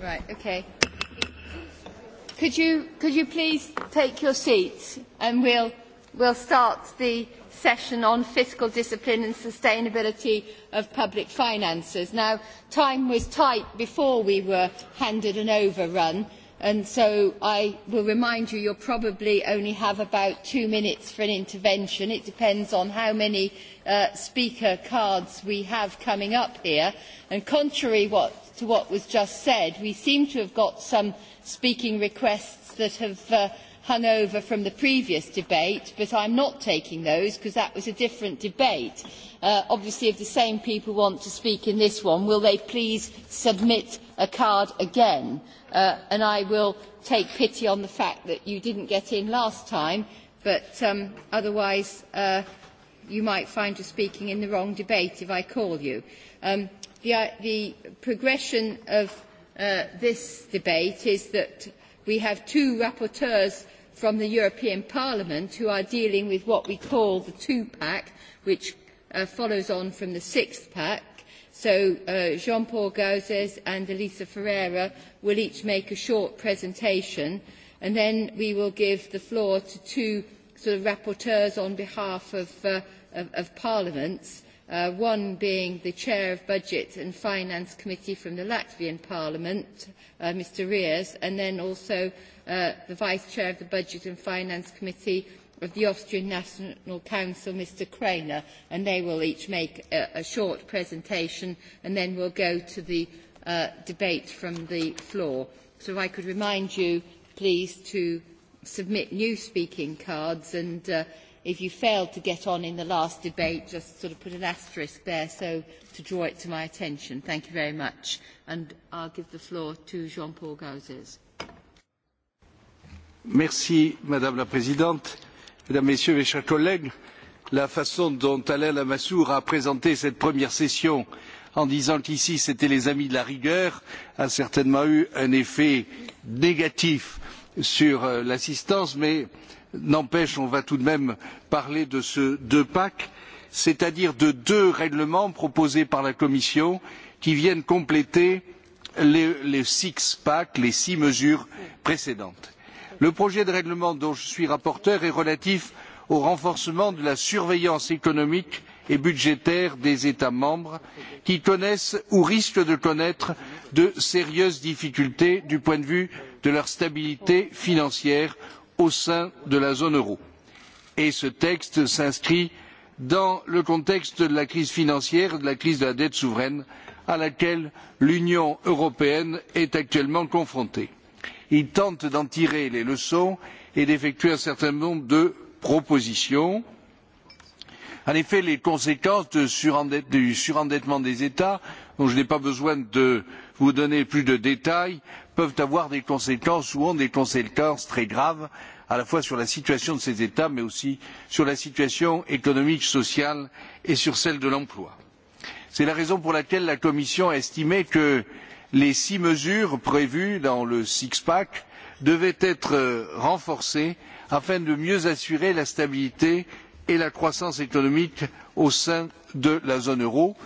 Right, okay. Could you, could you please take your seats and we'll, we'll start the session on fiscal discipline and sustainability of public finances. Now, time was tight before we were handed an overrun And so I will remind you, you'll probably only have about two minutes for an intervention. It depends on how many uh, speaker cards we have coming up here. And contrary what, to what was just said, we seem to have got some speaking requests that have uh, hung over from the previous debate, but I am not taking those because that was a different debate. Uh, obviously, if the same people want to speak in this one, will they please submit a card again? Uh, and I will take pity on the fact that you didn't get in last time, but um, otherwise uh, you might find you speaking in the wrong debate if I call you. Um, the, uh, the progression of uh, this debate is that we have two rapporteurs from the European Parliament who are dealing with what we call the two-pack, which uh, follows on from the sixth-pack. So uh, Jean-Paul Gauzes and Elisa Ferreira will each make a short presentation, and then we will give the floor to two sort of rapporteurs on behalf of, uh, of, of parliaments uh, one being the Chair of Budget and Finance Committee from the Latvian Parliament, uh, Mr Rears, and then also uh, the Vice Chair of the Budget and Finance Committee of the Austrian National Council, Mr Kraner, and they will each make a, a short presentation and then we'll go to the uh, debate from the floor. So if I could remind you, please, to submit new speaking cards and uh, if you failed to get on in the last debate, just sort of put an asterisk there so to draw it to my attention. Thank you very much. And I'll give the floor to Jean-Paul Gauzes. Merci, Madame la Présidente. Mesdames, Messieurs, mes chers collègues, la façon dont Alain Lamassoure a présenté cette première session en disant qu'ici c'était les amis de la rigueur a certainement eu un effet négatif sur euh, l'assistance, mais N'empêche, on va tout de même parler de ce deux packs, c'est-à-dire de deux règlements proposés par la Commission qui viennent compléter les, les six packs, les six mesures précédentes. Le projet de règlement dont je suis rapporteur est relatif au renforcement de la surveillance économique et budgétaire des États membres qui connaissent ou risquent de connaître de sérieuses difficultés du point de vue de leur stabilité financière au sein de la zone euro. Et ce texte s'inscrit dans le contexte de la crise financière, de la crise de la dette souveraine à laquelle l'Union européenne est actuellement confrontée. Il tente d'en tirer les leçons et d'effectuer un certain nombre de propositions. En effet, les conséquences du surendettement des États, dont je n'ai pas besoin de vous donner plus de détails, peuvent avoir des conséquences, ou ont des conséquences très graves, à la fois sur la situation de ces États, mais aussi sur la situation économique, sociale et sur celle de l'emploi. C'est la raison pour laquelle la Commission a estimé que les six mesures prévues dans le six pack devaient être euh, renforcées afin de mieux assurer la stabilité et la croissance économique au sein de la zone euro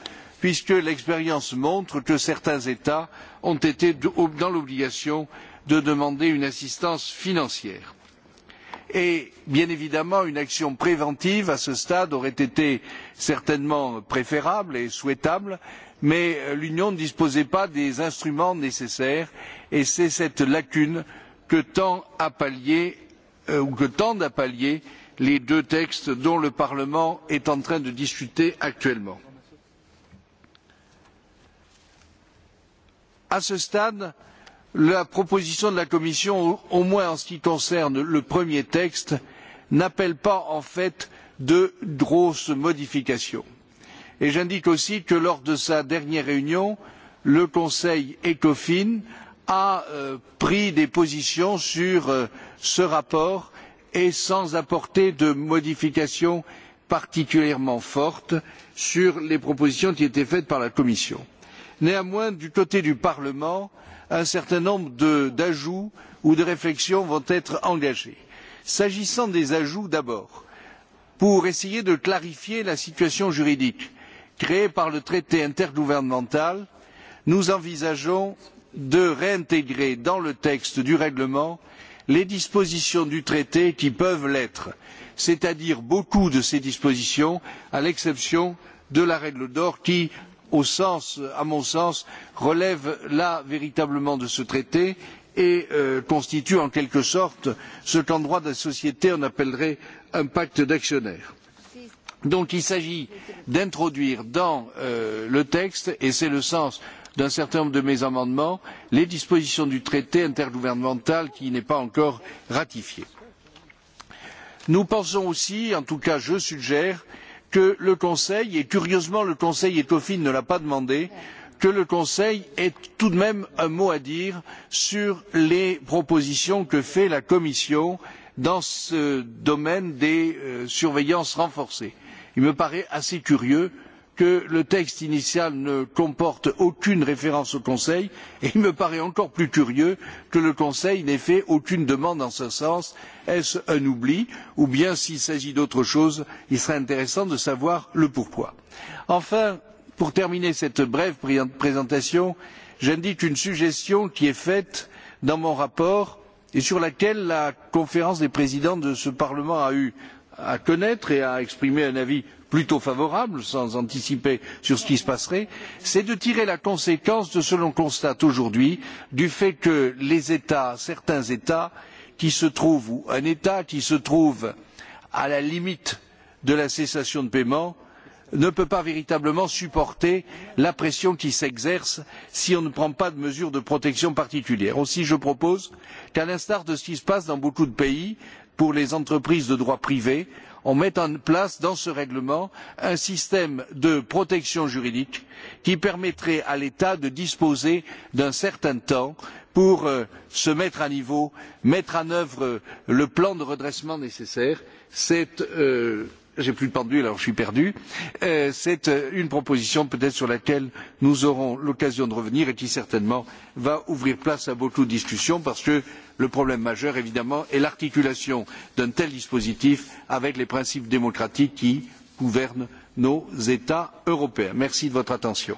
puisque l'expérience montre que certains États ont été dans l'obligation de demander une assistance financière. Et bien évidemment, une action préventive à ce stade aurait été certainement préférable et souhaitable, mais euh, l'Union ne disposait pas des instruments nécessaires et c'est cette lacune que tend à pallier euh, ou que tendent à pallier les deux textes dont le Parlement est en train de discuter actuellement. à ce stade, la proposition de la Commission, au moins en ce qui concerne le premier texte, n'appelle pas en fait de grosses modifications. Et j'indique aussi que lors de sa dernière réunion, le Conseil ECOFIN a euh, pris des positions sur euh, ce rapport et sans apporter de modifications particulièrement fortes sur les propositions qui étaient faites par la Commission. Néanmoins, du côté du Parlement, un certain nombre d'ajouts ou de réflexions vont être engagés. S'agissant des ajouts d'abord, pour essayer de clarifier la situation juridique créée par le traité intergouvernemental, nous envisageons de réintégrer dans le texte du règlement les dispositions du traité qui peuvent l'être, c'est-à-dire beaucoup de ces dispositions, à l'exception de la règle d'or qui, au sens, à mon sens, relève là véritablement de ce traité et euh, constitue en quelque sorte ce qu'en droit de la société on appellerait un pacte d'actionnaires. Donc il s'agit d'introduire dans euh, le texte, et c'est le sens d'un certain nombre de mes amendements, les dispositions du traité intergouvernemental qui n'est pas encore ratifié. Nous pensons aussi, en tout cas je suggère, euh, que le Conseil, et curieusement le Conseil ECOFIN ne l'a pas demandé, que le Conseil ait tout de même un mot à dire sur les propositions que fait la Commission dans ce domaine des euh, surveillances renforcées. Il me paraît assez curieux que le texte initial ne comporte aucune référence au Conseil et il me paraît encore plus curieux que le Conseil n'ait fait aucune demande en ce sens. Est-ce un oubli ou bien s'il s'agit d'autre chose, il serait intéressant de savoir le pourquoi. Enfin, pour terminer cette brève présentation, j'indique une suggestion qui est faite dans mon rapport et sur laquelle la conférence des présidents de ce Parlement a eu à connaître et à exprimer un avis plutôt favorable, sans anticiper sur ce qui se passerait, c'est de tirer la conséquence de ce que l'on constate aujourd'hui du fait que les États, certains États, qui se trouvent, ou un État qui se trouve à la limite de la cessation de paiement, ne peut pas véritablement supporter la pression qui s'exerce si on ne prend pas de mesures de protection particulières. Aussi, je propose qu'à l'instar de ce qui se passe dans beaucoup de pays pour les entreprises de droit privé, on mette en place dans ce règlement un système de protection juridique qui permettrait à l'État de disposer d'un certain temps pour euh, se mettre à niveau, mettre en œuvre le plan de redressement nécessaire. C'est euh, j'ai plus de pendule, alors je suis perdu. Euh, c'est euh, une proposition peut-être sur laquelle nous aurons l'occasion de revenir et qui certainement va ouvrir place à beaucoup de discussions parce que le problème majeur, évidemment, est l'articulation d'un tel dispositif avec les principes démocratiques qui gouvernent nos États européens. Merci de votre attention.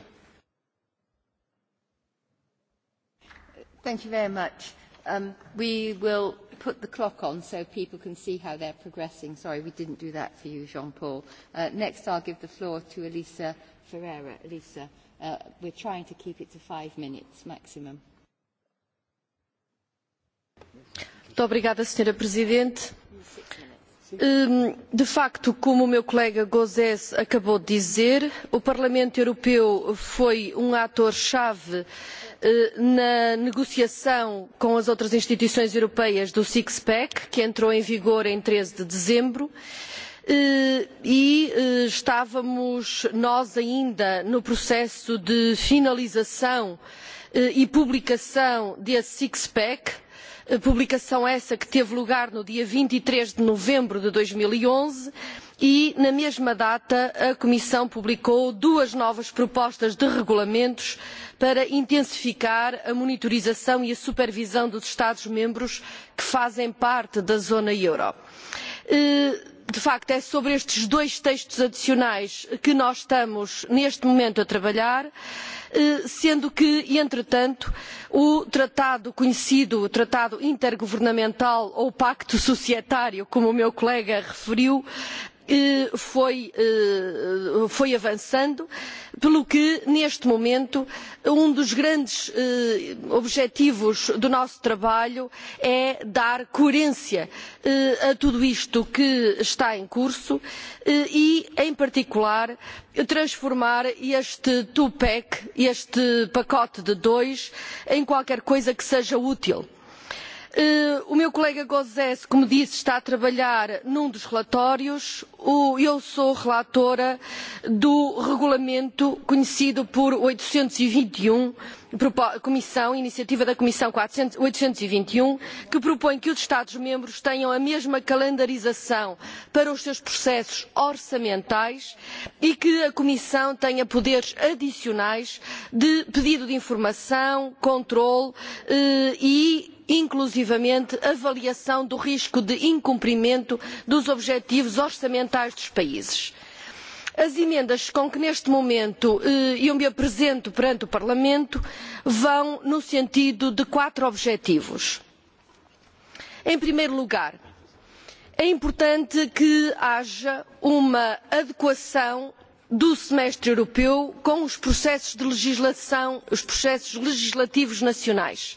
Thank you very much. Um, we will put the clock on so people can see how they're progressing. Sorry, we didn't do that for you, Jean-Paul. Uh, next, I'll give the floor to Elisa Ferreira. Elisa, uh, we're trying to keep it to five minutes maximum. Muito obrigada, Sra. Presidente. Six minutes. De facto, como o meu colega Gozés acabou de dizer, o Parlamento Europeu foi um ator-chave eh, na negociação com as outras instituições europeias do Six-Pack, que entrou em vigor em treze de dezembro, eh, e eh, estávamos nós ainda no processo de finalização e publicação desse Six-Pack, publicação essa que teve lugar no dia vinte e três de novembro de dois mil e onze e na mesma data a comissão publicou duas novas propostas de regulamentos para intensificar a monitorização e a supervisão dos estados membros que fazem parte da zona euro. E de facto, é sobre estes dois textos adicionais que nós estamos neste momento a trabalhar, eh, sendo que, entretanto, o tratado conhecido, o tratado intergovernamental ou pacto societário, como o meu colega referiu, E, foi, e, foi avançando, pelo que, neste momento, um dos grandes e, objetivos do nosso trabalho é dar coerência a tudo isto que está em curso e, em particular, transformar este two-pack, este pacote de dois, em qualquer coisa que seja útil Eh, o meu colega Gozés, como disse, está a trabalhar num dos relatórios. Eu sou relatora do regulamento conhecido por 821, e e um, Comissão, iniciativa da Comissão 400, 821, e um, que propõe que os Estados-membros tenham a mesma calendarização para os seus processos orçamentais e que a Comissão tenha poderes adicionais de pedido de informação, controle eh, e inclusivamente avaliação do risco de incumprimento dos objetivos orçamentais dos países. As emendas com que neste momento eh, eu me apresento perante o Parlamento vão no sentido de quatro objetivos. Em primeiro lugar, é importante que haja uma adequação do semestre europeu com os processos de legislação, os processos legislativos nacionais.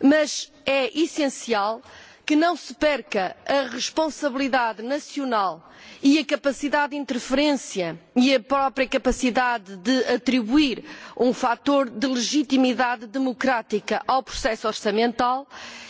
Mas é essencial que não se perca a responsabilidade nacional e a capacidade de interferência e a própria capacidade de atribuir um fator de legitimidade democrática ao processo orçamental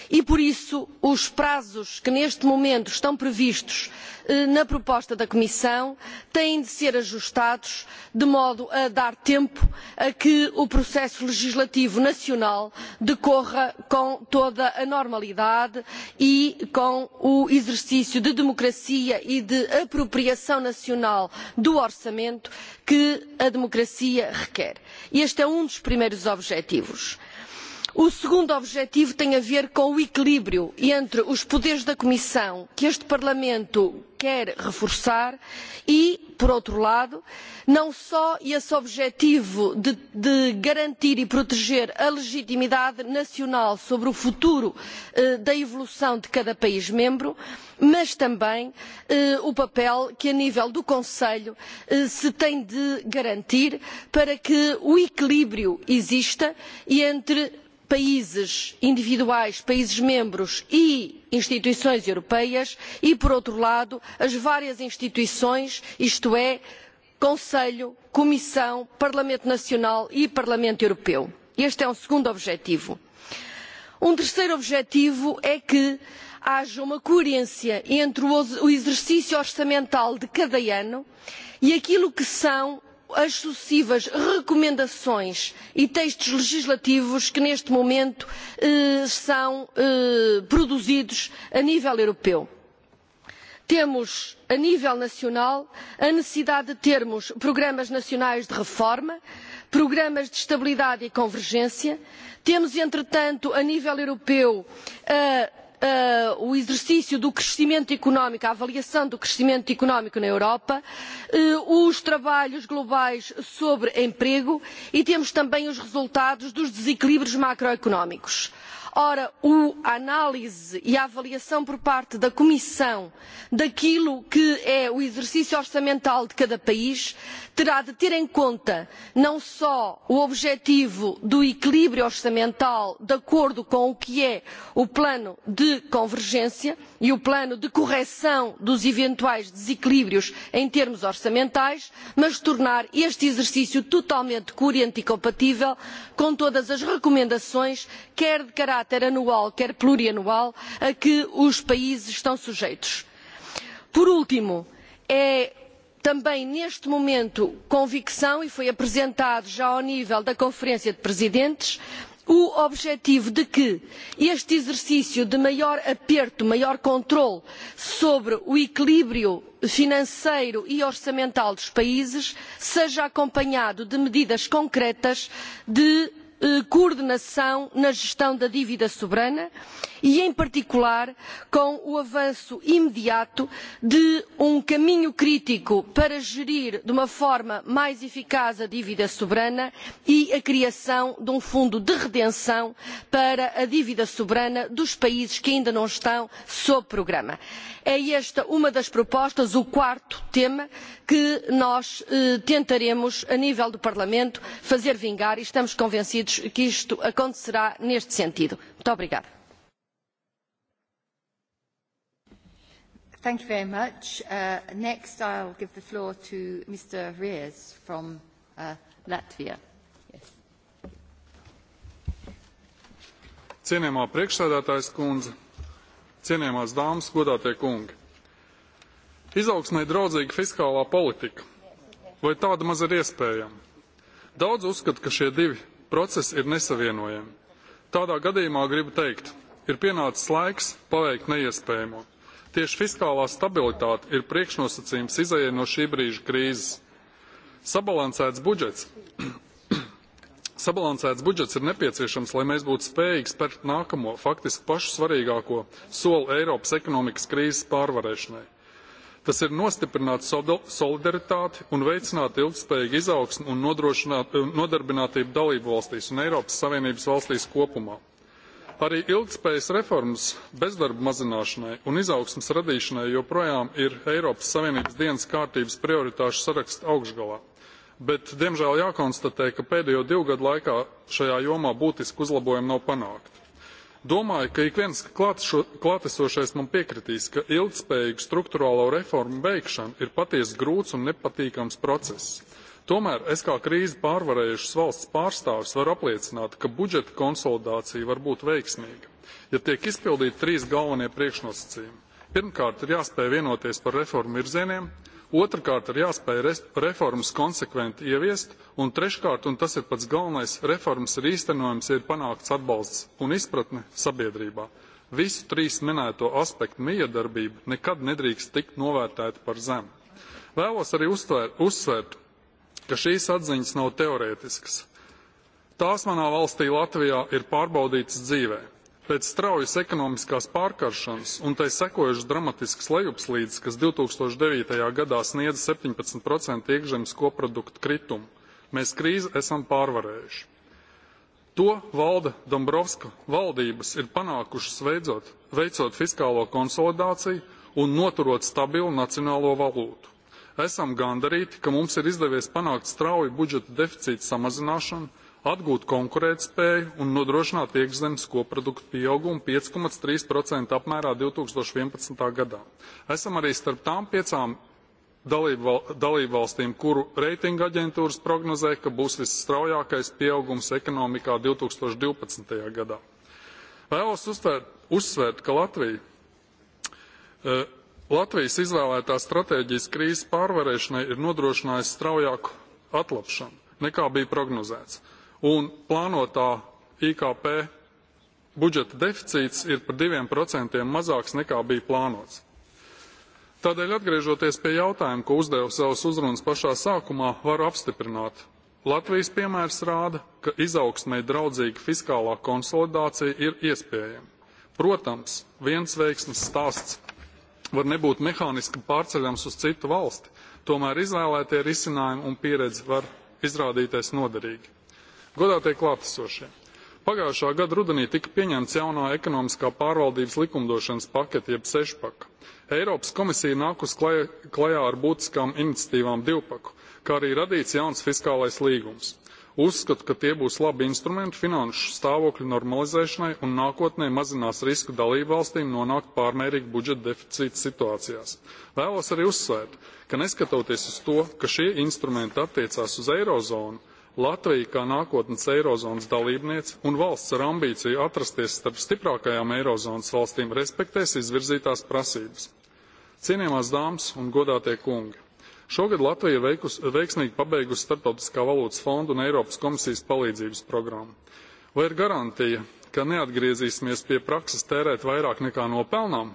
e, por isso, os prazos que neste momento estão previstos Eh, na proposta da Comissão têm de ser ajustados de modo a dar tempo a que o processo legislativo nacional decorra com toda a normalidade e com o exercício de democracia e de apropriação nacional do orçamento que a democracia requer. Este é um dos primeiros objetivos O segundo objetivo tem a ver com o equilíbrio entre os poderes da Comissão, que este Parlamento quer reforçar, e, por outro lado, não só esse objetivo de, de garantir e proteger a legitimidade nacional sobre o futuro eh, da evolução de cada país membro, mas também eh, o papel que, a nível do Conselho, eh, se tem de garantir para que o equilíbrio exista e entre países individuais, países membros e instituições europeias e, por outro lado, as várias instituições, isto é, Conselho, Comissão, Parlamento Nacional e Parlamento Europeu. Este é um segundo objetivo. Um terceiro objetivo é que haja uma coerência entre o exercício orçamental de cada ano e aquilo que são as sucessivas recomendações e textos legislativos que neste momento eh, são eh, produzidos a nível europeu. Temos, a nível nacional, a necessidade de termos programas nacionais de reforma, programas de estabilidade e convergência. Temos, entretanto, a nível europeu, a uh, o exercício do crescimento económico, a avaliação do crescimento económico na Europa, uh, os trabalhos globais sobre emprego e temos também os resultados dos desequilíbrios macroeconómicos. Ora, o, a análise e a avaliação por parte da Comissão daquilo que é o exercício orçamental de cada país terá de ter em conta não só o objetivo do equilíbrio orçamental de acordo com o que é o plano de convergência e o plano de correção dos eventuais desequilíbrios em termos orçamentais, mas tornar este exercício totalmente coerente e compatível com todas as recomendações, quer de caráter caráter anual quer plurianual a que os países estão sujeitos. Por último, é também neste momento convicção e foi apresentado já ao nível da Conferência de Presidentes o objetivo de que este exercício de maior aperto, maior controle sobre o equilíbrio financeiro e orçamental dos países seja acompanhado de medidas concretas de Eh, coordenação na gestão da dívida soberana e, em particular, com o avanço imediato de um caminho crítico para gerir de uma forma mais eficaz a dívida soberana e a criação de um fundo de redenção para a dívida soberana dos países que ainda não estão sob programa. É esta uma das propostas, o quarto tema, que nós eh, tentaremos, a nível do Parlamento, fazer vingar e estamos convencidos convencidos que isto acontecerá neste sentido. Muito obrigada. Thank you very much. Uh, next, I'll give the floor to Mr. Rears from uh, Latvia. Yes. Cienījamā priekšsēdētājs kundze, cienījamās dāmas, godātie kungi. Izaugsmē draudzīga fiskālā politika. Vai tāda maz ir iespējama? Daudz uzskata, ka šie divi Process ir nesavienojami. Tādā gadījumā gribu teikt, ir pienācis laiks paveikt neiespējamo. Tieši fiskālā stabilitāte ir priekšnosacījums izējai no šī brīža krīzes. Sabalansēts budžets. Sabalansēts budžets ir nepieciešams, lai mēs būtu spējīgi spērt nākamo, faktiski pašu svarīgāko soli Eiropas ekonomikas krīzes pārvarēšanai. Tas ir nostiprināt solidaritāti un veicināt ilgspējīgu izaugsmu un nodarbinātību dalību valstīs un Eiropas Savienības valstīs kopumā. Arī ilgspējas reformas bezdarba mazināšanai un izaugsmas radīšanai joprojām ir Eiropas Savienības dienas kārtības prioritāšu saraksta augšgalā. Bet, diemžēl, jākonstatē, ka pēdējo divu gadu laikā šajā jomā būtiski uzlabojumi nav panākti. Domāju, ka ik viens klātesošais man piekritīs, ka ilgspējīgu struktūrālo reformu veikšana ir patiesi grūts un nepatīkams process. Tomēr es kā krīzi pārvarējušas valsts pārstāvis varu apliecināt, ka budžeta konsolidācija var būt veiksmīga, ja tiek izpildīti trīs galvenie priekšnosacījumi. Pirmkārt, ir jāspēj vienoties par reformu virzieniem, Otrkārt ir jāspēj reformas konsekventi ieviest, un treškārt, un tas ir pats galvenais, reformas ir īstenojums, ir panākts atbalsts un izpratne sabiedrībā. Visu trīs minēto aspektu miedarbība nekad nedrīkst tikt novērtēta par zemu. Vēlos arī uztvēr, uzsvērt, ka šīs atziņas nav teorētiskas. Tās manā valstī Latvijā ir pārbaudītas dzīvē. Pēc straujas ekonomiskās pārkaršanas un tai sekojušas dramatisks lejupslīdes, kas 2009. gadā sniedza 17% iekšzemes koprodukta kritumu, mēs krīzi esam pārvarējuši. To valda Dombrovska valdības ir panākušas veidzot, veicot fiskālo konsolidāciju un noturot stabilu nacionālo valūtu. Esam gandarīti, ka mums ir izdevies panākt strauju budžeta deficīta samazināšanu, atgūt konkurētspēju un nodrošināt iekšzemes koproduktu pieaugumu 5,3% apmērā 2011. gadā. Esam arī starp tām piecām valstīm, kuru reitinga aģentūras prognozē, ka būs visstraujākais pieaugums ekonomikā 2012. gadā. Vēlos uzsvērt, uzsvērt ka Latvija e, Latvijas izvēlētā stratēģijas krīzes pārvarēšanai ir nodrošinājusi straujāku atlapšanu nekā bija prognozēts un plānotā IKP budžeta deficīts ir par 2% mazāks nekā bija plānots. Tādēļ, atgriežoties pie jautājuma, ko uzdevu savas uzrunas pašā sākumā, varu apstiprināt. Latvijas piemērs rāda, ka izaugsmē draudzīga fiskālā konsolidācija ir iespējama. Protams, viens veiksmes stāsts var nebūt mehāniski pārceļams uz citu valsti, tomēr izvēlētie risinājumi un pieredze var izrādīties noderīgi. Godātie klātesošie! Pagājušā gada rudenī tika pieņemts jaunā ekonomiskā pārvaldības likumdošanas pakete, jeb sešpaka. Eiropas komisija nākus klajā, klajā ar būtiskām iniciatīvām divpaku, kā arī radīts jauns fiskālais līgums. Uzskatu, ka tie būs labi instrumenti finanšu stāvokļu normalizēšanai un nākotnē mazinās risku dalību valstīm nonākt pārmērīgi budžeta deficīta situācijās. Vēlos arī uzsvērt, ka neskatoties uz to, ka šie instrumenti attiecās uz eirozonu, Latvija kā nākotnes eirozonas dalībniece un valsts ar ambīciju atrasties starp stiprākajām eirozonas valstīm respektēs izvirzītās prasības. Cienījamās dāmas un godātie kungi, šogad Latvija veikus, veiksmīgi pabeigusi Startautiskā valūtas fonda un Eiropas komisijas palīdzības programmu. Vai ir garantija, ka neatgriezīsimies pie prakses tērēt vairāk nekā nopelnām?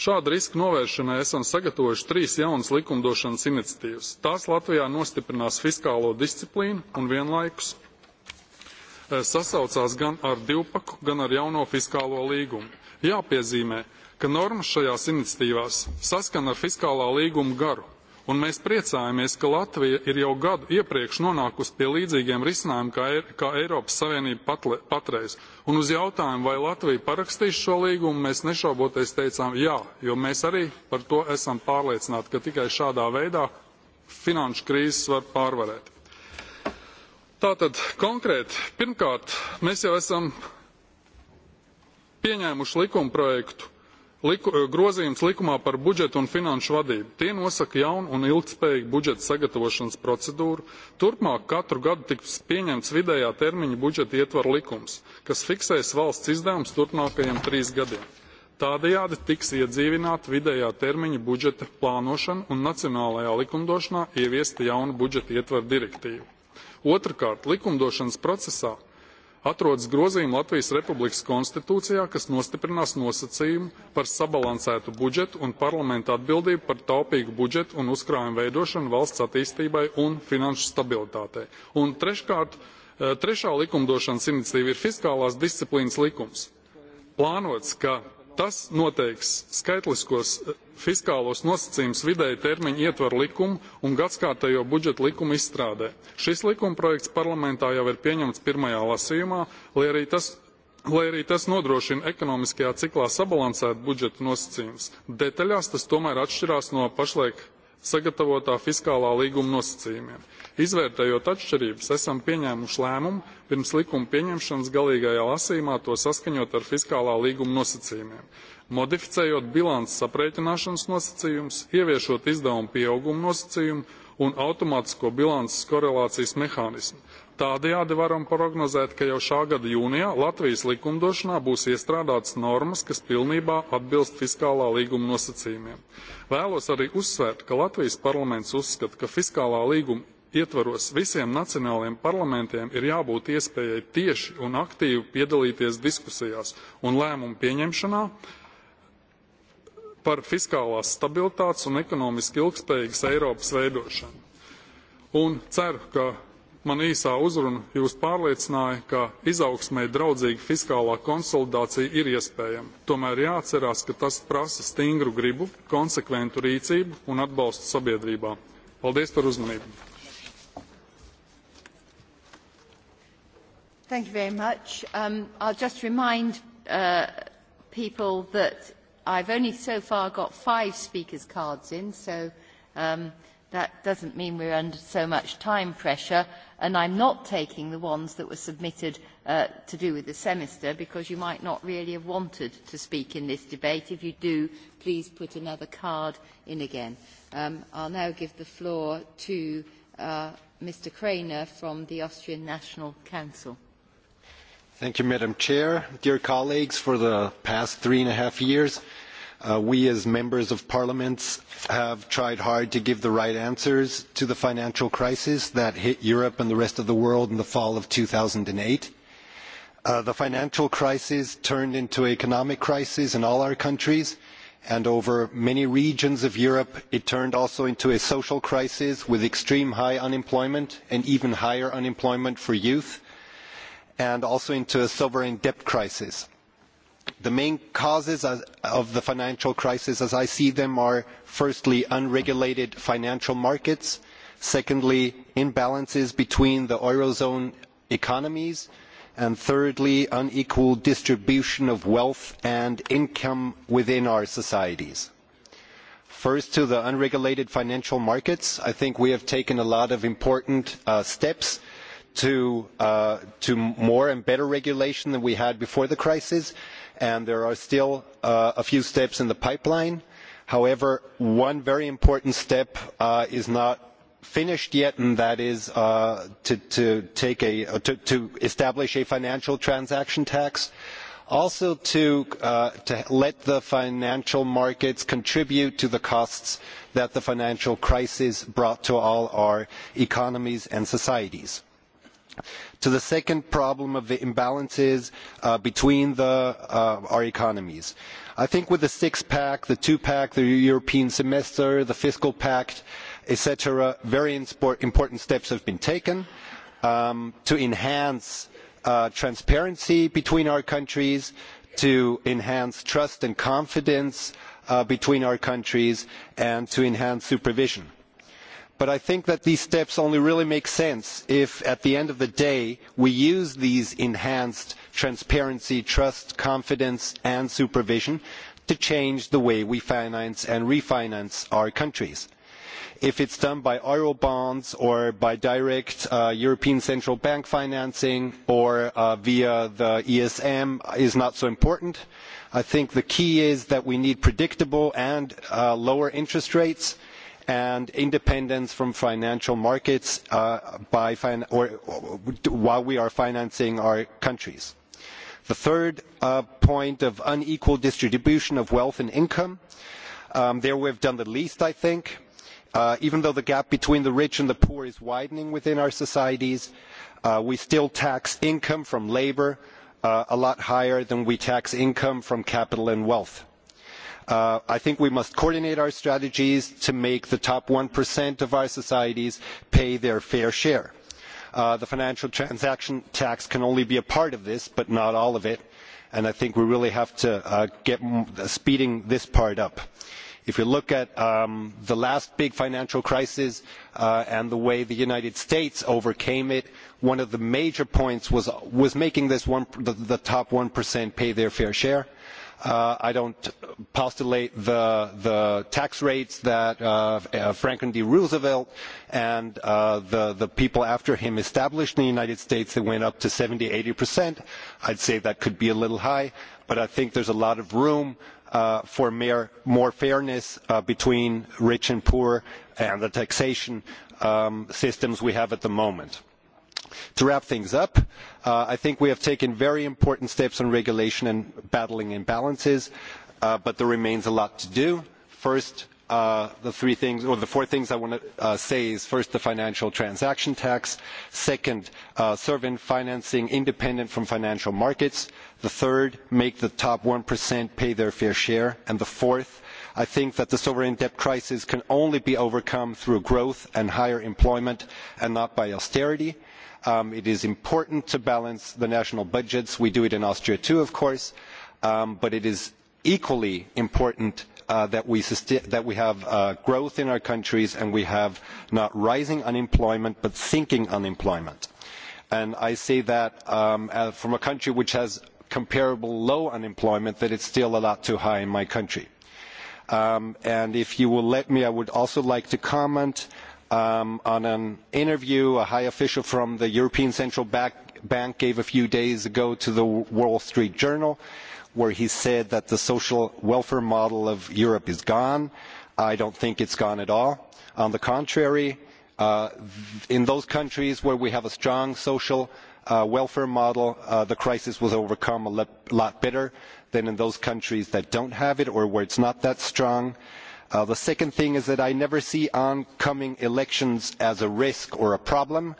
Šāda riska novēršanai esam sagatavojuši trīs jaunas likumdošanas iniciatīvas. Tās Latvijā nostiprinās fiskālo disciplīnu un vienlaikus eh, sasaucās gan ar divpaku, gan ar jauno fiskālo līgumu. Jāpiezīmē, ka normas šajās iniciatīvās saskan ar fiskālā līguma garu, un mēs priecājamies, ka Latvija ir jau gadu iepriekš nonākusi pie līdzīgiem risinājumiem kā, kā Eiropas Savienība patle, patreiz. Un uz jautājumu, vai Latvija parakstīs šo līgumu, mēs nešauboties teicām jā, jo mēs arī par to esam pārliecināti, ka tikai šādā veidā finanšu krīzes var pārvarēt. Tātad konkrēti, pirmkārt, mēs jau esam pieņēmuši likumprojektu Liku, eh, grozījums likumā par budžetu un finanšu vadību. Tie nosaka jaunu un ilgspējīgu budžeta sagatavošanas procedūru. Turpmāk katru gadu tiks pieņemts vidējā termiņa budžeta ietvaru likums, kas fiksēs valsts izdevumus turpmākajiem trīs gadiem. Tādējādi tiks iedzīvināta vidējā termiņa budžeta plānošana un nacionālajā likumdošanā ieviesta jauna budžeta ietvaru direktīva. Otrakārt, likumdošanas procesā atrodas grozījumi Latvijas Republikas konstitūcijā, kas nostiprinās nosacījumu par sabalansētu budžetu un parlamenta atbildību par taupīgu budžetu un uzkrājumu veidošanu valsts attīstībai un finanšu stabilitātei. Un treškārt, eh, trešā likumdošanas iniciatīva ir fiskālās disciplīnas likums. Plānots, ka Tas noteiks skaitliskos eh, fiskālos nosacījumus vidēja termiņa ietvaru likumu un gadskārtējo budžeta likumu izstrādē. Šis likumprojekts parlamentā jau ir pieņemts pirmajā lasījumā, lai arī tas Lai arī tas nodrošina ekonomiskajā ciklā sabalansētu budžeta nosacījumus, detaļās tas tomēr atšķirās no pašlaik sagatavotā fiskālā līguma nosacījumiem. Izvērtējot atšķirības, esam pieņēmuši lēmumu pirms likuma pieņemšanas galīgajā lasījumā to saskaņot ar fiskālā līguma nosacījumiem, modificējot bilances aprēķināšanas nosacījumus, ieviešot izdevumu pieauguma nosacījumu un automātisko bilances korelācijas mehānismu, Tādējādi varam prognozēt, ka jau šā gada jūnijā Latvijas likumdošanā būs iestrādātas normas, kas pilnībā atbilst fiskālā līguma nosacījumiem. Vēlos arī uzsvērt, ka Latvijas parlaments uzskata, ka fiskālā līguma ietvaros visiem nacionālajiem parlamentiem ir jābūt iespējai tieši un aktīvi piedalīties diskusijās un lēmumu pieņemšanā, par fiskālās stabilitātes un ekonomiski ilgspējīgas Eiropas veidošanu. Un ceru, ka man īsā uzruna jūs pārliecināja, ka izaugsmēji draudzīga fiskālā konsolidācija ir iespējama. Tomēr jāatcerās, ka tas prasa stingru gribu, konsekventu rīcību un atbalstu sabiedrībā. Paldies par uzmanību! Thank you very much. Um, I'll just remind uh, people that I've only so far got five speakers' cards in, so um, That doesn't mean we're under so much time pressure, and I'm not taking the ones that were submitted uh, to do with the semester, because you might not really have wanted to speak in this debate. If you do, please put another card in again. Um, I'll now give the floor to uh, Mr. Craner from the Austrian National Council. Thank you, Madam Chair. Dear colleagues, for the past three and a half years, Uh, we as members of parliaments have tried hard to give the right answers to the financial crisis that hit Europe and the rest of the world in the fall of two 2008. Uh, the financial crisis turned into an economic crisis in all our countries and over many regions of Europe it turned also into a social crisis with extreme high unemployment and even higher unemployment for youth and also into a sovereign debt crisis the main causes of the financial crisis as I see them are firstly unregulated financial markets, secondly imbalances between the eurozone economies, and thirdly unequal distribution of wealth and income within our societies. First to the unregulated financial markets, I think we have taken a lot of important uh, steps to, uh, to more and better regulation than we had before the crisis and there are still uh, a few steps in the pipeline. However, one very important step uh, is not finished yet, and that is uh, to, to, take a, uh, to, to establish a financial transaction tax. Also to, uh, to let the financial markets contribute to the costs that the financial crisis brought to all our economies and societies to the second problem of the imbalances uh, between the, uh, our economies. I think with the six pack, the two pack, the European semester, the fiscal pact, etc., very important steps have been taken um, to enhance uh, transparency between our countries, to enhance trust and confidence uh, between our countries, and to enhance supervision. But I think that these steps only really make sense if, at the end of the day, we use these enhanced transparency, trust, confidence and supervision to change the way we finance and refinance our countries. If it is done by eurobonds or by direct uh, European Central Bank financing or uh, via the ESM is not so important. I think the key is that we need predictable and uh, lower interest rates and independence from financial markets uh, by fin or, or, while we are financing our countries. The third uh, point of unequal distribution of wealth and income. Um, there we have done the least, I think. Uh, even though the gap between the rich and the poor is widening within our societies, uh, we still tax income from labour uh, a lot higher than we tax income from capital and wealth. Uh, I think we must coordinate our strategies to make the top 1% of our societies pay their fair share. Uh, the financial transaction tax can only be a part of this, but not all of it. And I think we really have to uh, get uh, speeding this part up. If you look at um, the last big financial crisis uh, and the way the United States overcame it, one of the major points was, was making this one, the, the top 1% pay their fair share. Uh, Uh, I don't postulate the, the tax rates that uh, uh, Franklin D. Roosevelt and uh, the, the people after him established in the United States that went up to 70, 80%. I'd say that could be a little high, but I think there's a lot of room uh, for mere, more fairness uh, between rich and poor and the taxation um, systems we have at the moment. To wrap things up, uh, I think we have taken very important steps on regulation and battling imbalances, uh, but there remains a lot to do. First, uh, the three things, or the four things I want to uh, say is first the financial transaction tax, second, uh, servant financing independent from financial markets, the third, make the top 1% pay their fair share, and the fourth, I think that the sovereign debt crisis can only be overcome through growth and higher employment and not by austerity. Um, it is important to balance the national budgets. We do it in Austria too, of course, um, but it is equally important uh, that, we that, we have uh, growth in our countries and we have not rising unemployment but sinking unemployment. And I say that um, uh, from a country which has comparable low unemployment that it is still a lot too high in my country. Um, and if you will let me, I would also like to comment uh, um, on an interview a high official from the European Central Bank gave a few days ago to the Wall Street Journal, where he said that the social welfare model of Europe is gone. I don't think it's gone at all. On the contrary, uh, in those countries where we have a strong social uh, welfare model, uh, the crisis was overcome a lot better than in those countries that don't have it or where it's not that strong. Uh, the second thing is that I never see oncoming elections as a risk or a problem.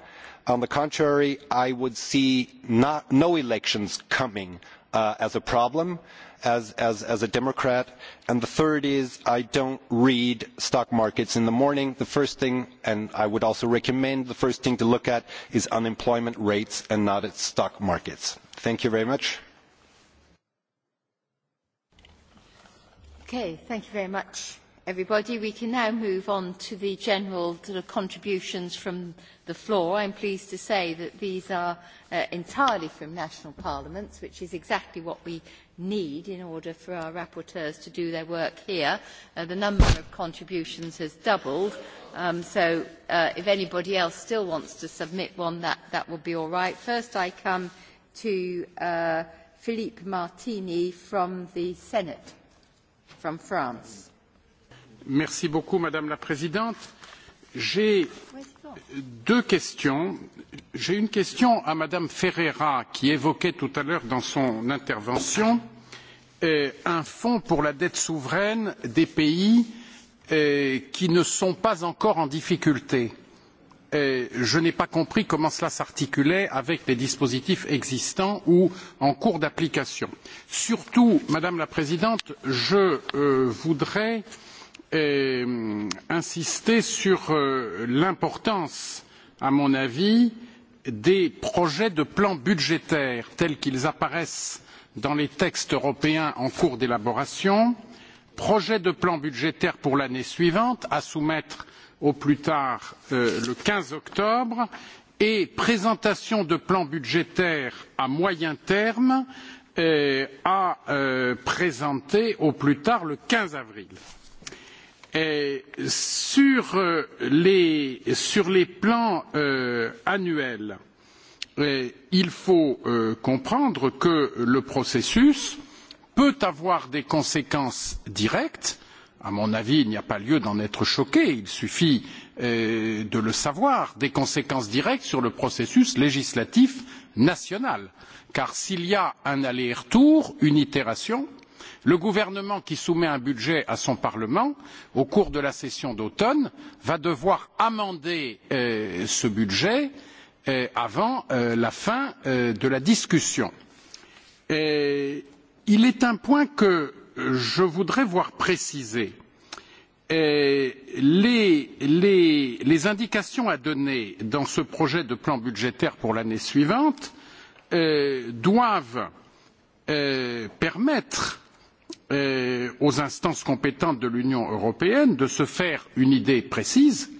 On the contrary, I would see not, no elections coming uh, as a problem as, as, as a Democrat. And the third is I don't read stock markets in the morning. The first thing, and I would also recommend the first thing to look at is unemployment rates and not at stock markets. Thank you very much. Okay, thank you very much everybody. We can now move on to the general sort of contributions from the floor. I'm pleased to say that these are uh, entirely from national parliaments, which is exactly what we need in order for our rapporteurs to do their work here. Uh, the number of contributions has doubled, um, so uh, if anybody else still wants to submit one, that, that would be all right. First I come to uh, Philippe Martini from the Senate, from France. Merci beaucoup, Madame la Présidente. J'ai deux questions. J'ai une question à Madame Ferreira, qui évoquait tout à l'heure dans son intervention euh, un fonds pour la dette souveraine des pays euh, qui ne sont pas encore en difficulté. Euh, je n'ai pas compris comment cela s'articulait avec les dispositifs existants ou en cours d'application. Surtout, Madame la Présidente, je voudrais euh, Euh, insister sur euh, l'importance, à mon avis, des projets de plans budgétaires tels qu'ils apparaissent dans les textes européens en cours d'élaboration, projet de plan budgétaire pour l'année suivante à soumettre au plus tard euh, le quinze octobre et présentation de plans budgétaires à moyen terme euh, à euh, présenter au plus tard le quinze avril. Sur euh, les, sur les, plans euh, annuels, il faut euh, comprendre que le processus peut avoir des conséquences directes. À mon avis, il n'y a pas lieu d'en être choqué. Il suffit euh, de le savoir, des conséquences directes sur le processus législatif national. Car s'il y a un aller-retour, une itération, Le gouvernement qui soumet un budget à son Parlement au cours de la session d'automne va devoir amender euh, ce budget euh, avant euh, la fin euh, de la discussion. Et il est un point que je voudrais voir précisé. Les, les, les, indications à donner dans ce projet de plan budgétaire pour l'année suivante euh, doivent euh, permettre Euh, aux instances compétentes de l'Union européenne de se faire une idée précise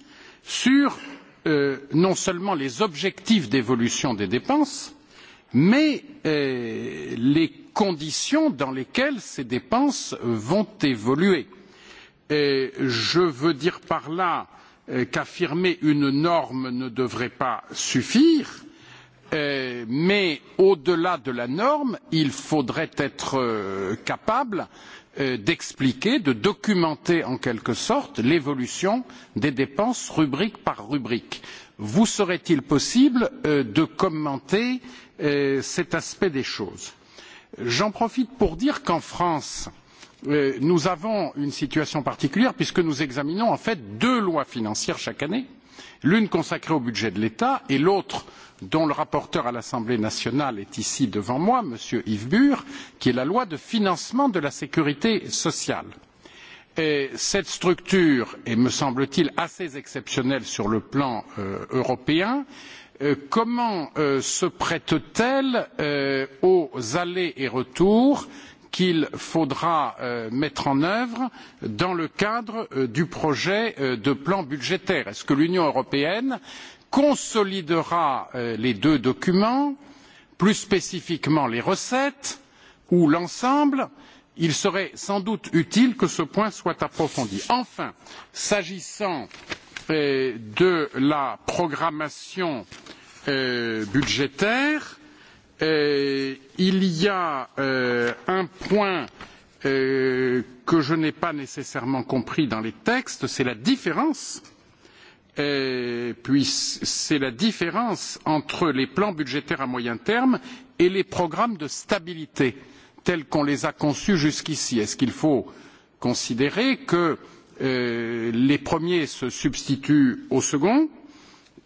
sur euh, non seulement les objectifs d'évolution des dépenses, mais euh, les conditions dans lesquelles ces dépenses vont évoluer. Et euh, je veux dire par là euh, qu'affirmer une norme ne devrait pas suffire, Euh, mais au-delà de la norme, il faudrait être euh, capable euh, d'expliquer, de documenter en quelque sorte l'évolution des dépenses rubrique par rubrique. Vous serait-il possible de commenter cet aspect des choses J'en profite pour dire qu'en France, nous avons une situation particulière puisque nous examinons en fait deux lois financières chaque année l'une consacrée au budget de l'État et l'autre dont le rapporteur à l'Assemblée nationale est ici devant moi, M. Yves Bur, qui est la loi de financement de la sécurité sociale. Et cette structure est, me semble-t-il, assez exceptionnelle sur le plan euh, européen. Euh, comment euh, se prête-t-elle euh, aux allers et retours qu'il faudra euh, mettre en œuvre dans le cadre euh, du projet euh, de plan budgétaire. Est-ce que l'Union européenne consolidera euh, les deux documents, plus spécifiquement les recettes ou l'ensemble Il serait sans doute utile que ce point soit approfondi. Enfin, s'agissant euh, de la programmation euh, budgétaire, Euh, il y a euh, un point euh, que je n'ai pas nécessairement compris dans les textes, c'est la différence euh, puis c'est la différence entre les plans budgétaires à moyen terme et les programmes de stabilité tels qu'on les a conçus jusqu'ici. Est-ce qu'il faut considérer que euh, les premiers se substituent aux seconds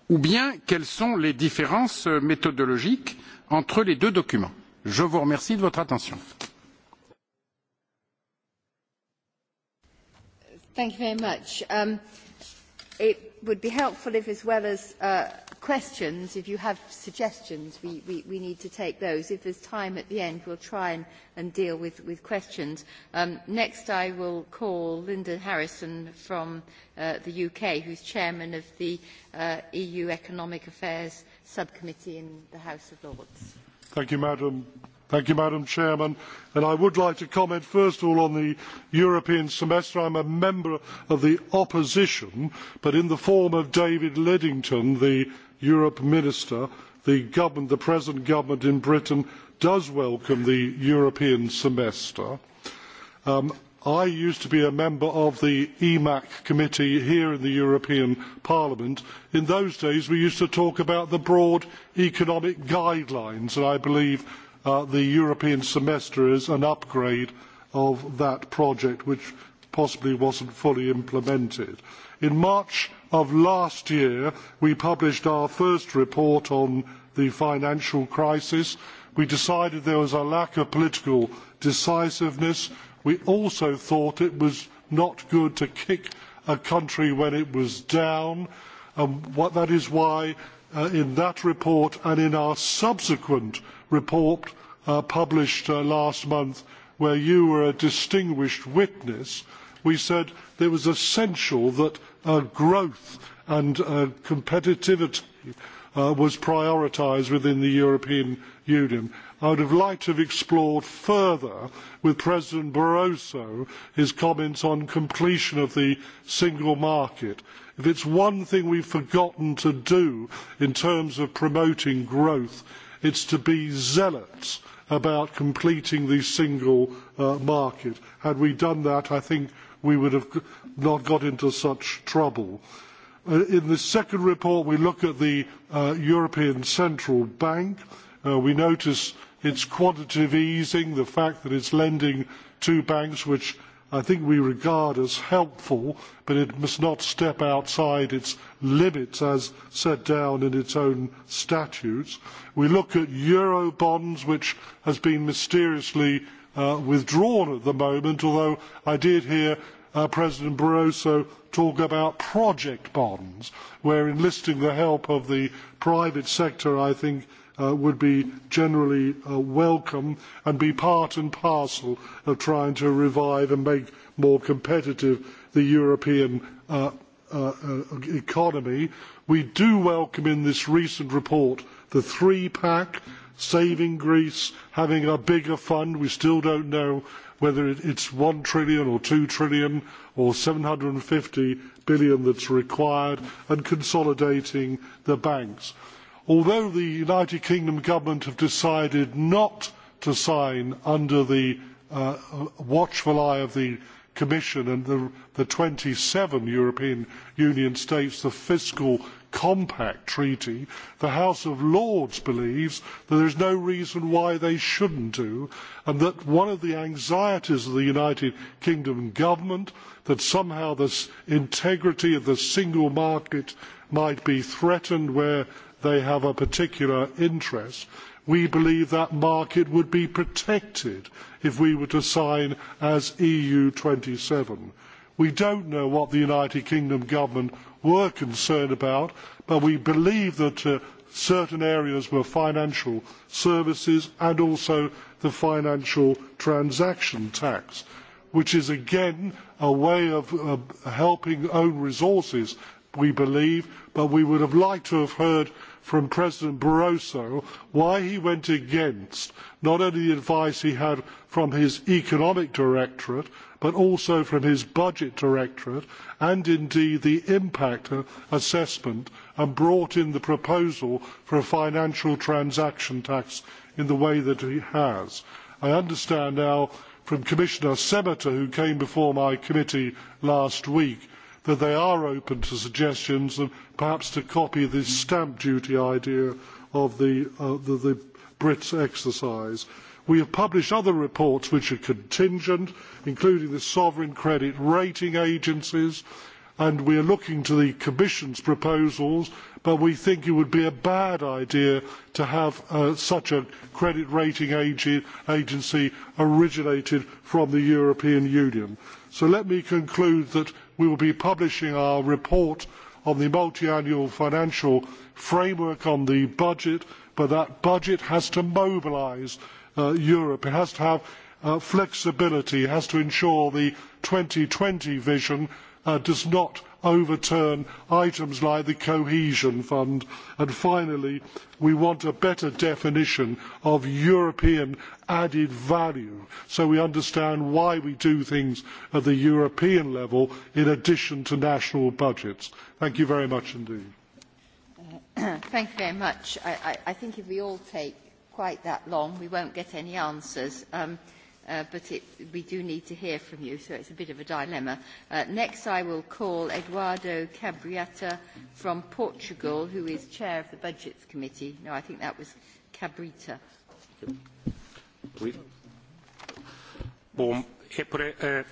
ou bien quelles sont les différences méthodologiques entre les deux documents. Je vous remercie de votre attention. Thank you very much. Um, it would be helpful if, as well as uh, questions, if you have suggestions, we, we, we need to take those. If there's time at the end, we'll try and, and deal with, with questions. Um, next, I will call Linda Harrison from uh, the UK, who's chairman of the uh, EU Economic Affairs subcommittee in the House of Lords. Thank you, Madam. Thank you, Madam Chairman. And I would like to comment first of all on the European semester. I am a member of the opposition, but in the form of David Liddington, the Europe Minister, the government, the present government in Britain does welcome the European semester. Um, I used to be a member of the EMAC committee here in the European Parliament. In those days, we used to talk about the broad economic guidelines, and I believe uh, the European semester is an upgrade of that project, which possibly was not fully implemented. In March of last year, we published our first report on the financial crisis. We decided there was a lack of political decisiveness. We also thought it was not good to kick a country when it was down. and what, that is why uh, in that report and in our subsequent report uh, published uh, last month, where you were a distinguished witness, we said it was essential that uh, growth and uh, competitiveness uh, was prioritised within the European Union. I would have liked to have explored further with President Barroso his comments on completion of the single market. If it is one thing we have forgotten to do in terms of promoting growth, it is to be zealots about completing the single uh, market. Had we done that, I think we would have not got into such trouble. Uh, in the second report, we look at the uh, European Central Bank. Uh, we notice its quantitative easing, the fact that it's lending to banks which I think we regard as helpful, but it must not step outside its limits as set down in its own statutes. We look at Eurobonds, which has been mysteriously uh, withdrawn at the moment, although I did hear uh, President Barroso talk about project bonds, where enlisting the help of the private sector, I think, uh, would be generally uh, welcome and be part and parcel of trying to revive and make more competitive the European uh, uh, uh economy. We do welcome in this recent report the three pack, saving Greece, having a bigger fund. We still don't know whether it, it's one trillion or two trillion or seven hundred and fifty billion that's required, and consolidating the banks although the United Kingdom government have decided not to sign under the uh, watchful eye of the Commission and the, the 27 European Union states the fiscal compact treaty, the House of Lords believes that there is no reason why they shouldn't do, and that one of the anxieties of the United Kingdom government that somehow the integrity of the single market might be threatened where they have a particular interest. We believe that market would be protected if we were to sign as EU twenty seven. We do not know what the United Kingdom government were concerned about, but we believe that uh, certain areas were financial services and also the financial transaction tax, which is again a way of uh, helping own resources, we believe, but we would have liked to have heard from President Barroso why he went against not only the advice he had from his economic directorate, but also from his budget directorate, and indeed the impact assessment, and brought in the proposal for a financial transaction tax in the way that he has. I understand now from Commissioner Semeta, who came before my committee last week, that they are open to suggestions and perhaps to copy the stamp duty idea of the, uh, the, the Brits exercise. We have published other reports which are contingent, including the sovereign credit rating agencies, and we are looking to the Commission's proposals, but we think it would be a bad idea to have uh, such a credit rating agency originated from the European Union. So let me conclude that we will be publishing our report on the multiannual financial framework on the budget, but that budget has to mobilise uh, Europe. It has to have uh, flexibility. It has to ensure the twenty vision uh, does not overturn items like the cohesion fund. And finally, we want a better definition of European added value so we understand why we do things at the European level in addition to national budgets. Thank you very much indeed. thank you very much. I, I, I think if we all take quite that long, we won't get any answers. Um, uh, but it, we do need to hear from you, so it's a bit of a dilemma. Uh, next, I will call Eduardo Cabrieta from Portugal, who is chair of the Budgets Committee. No, I think that was Cabrita. Oui. Bom, é por, uh,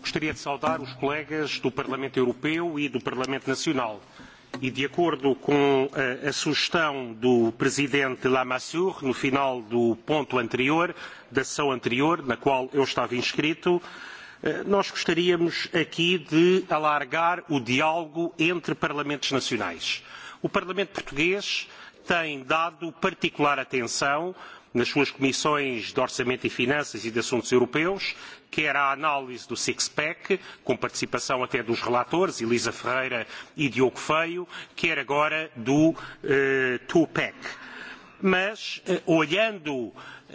gostaria de saudar os colegas do Parlamento Europeu e do Parlamento Nacional. Uh, e de acordo com eh, a sugestão do presidente Lamassoure no final do ponto anterior, da sessão anterior, na qual eu estava inscrito, eh, nós gostaríamos aqui de alargar o diálogo entre parlamentos nacionais. O Parlamento português tem dado particular atenção nas suas comissões de Orçamento e Finanças e de Assuntos Europeus, quer a análise do six-pack, com participação até dos relatores, Elisa Ferreira e Diogo Feio, quer agora do uh, two-pack. Mas, uh, olhando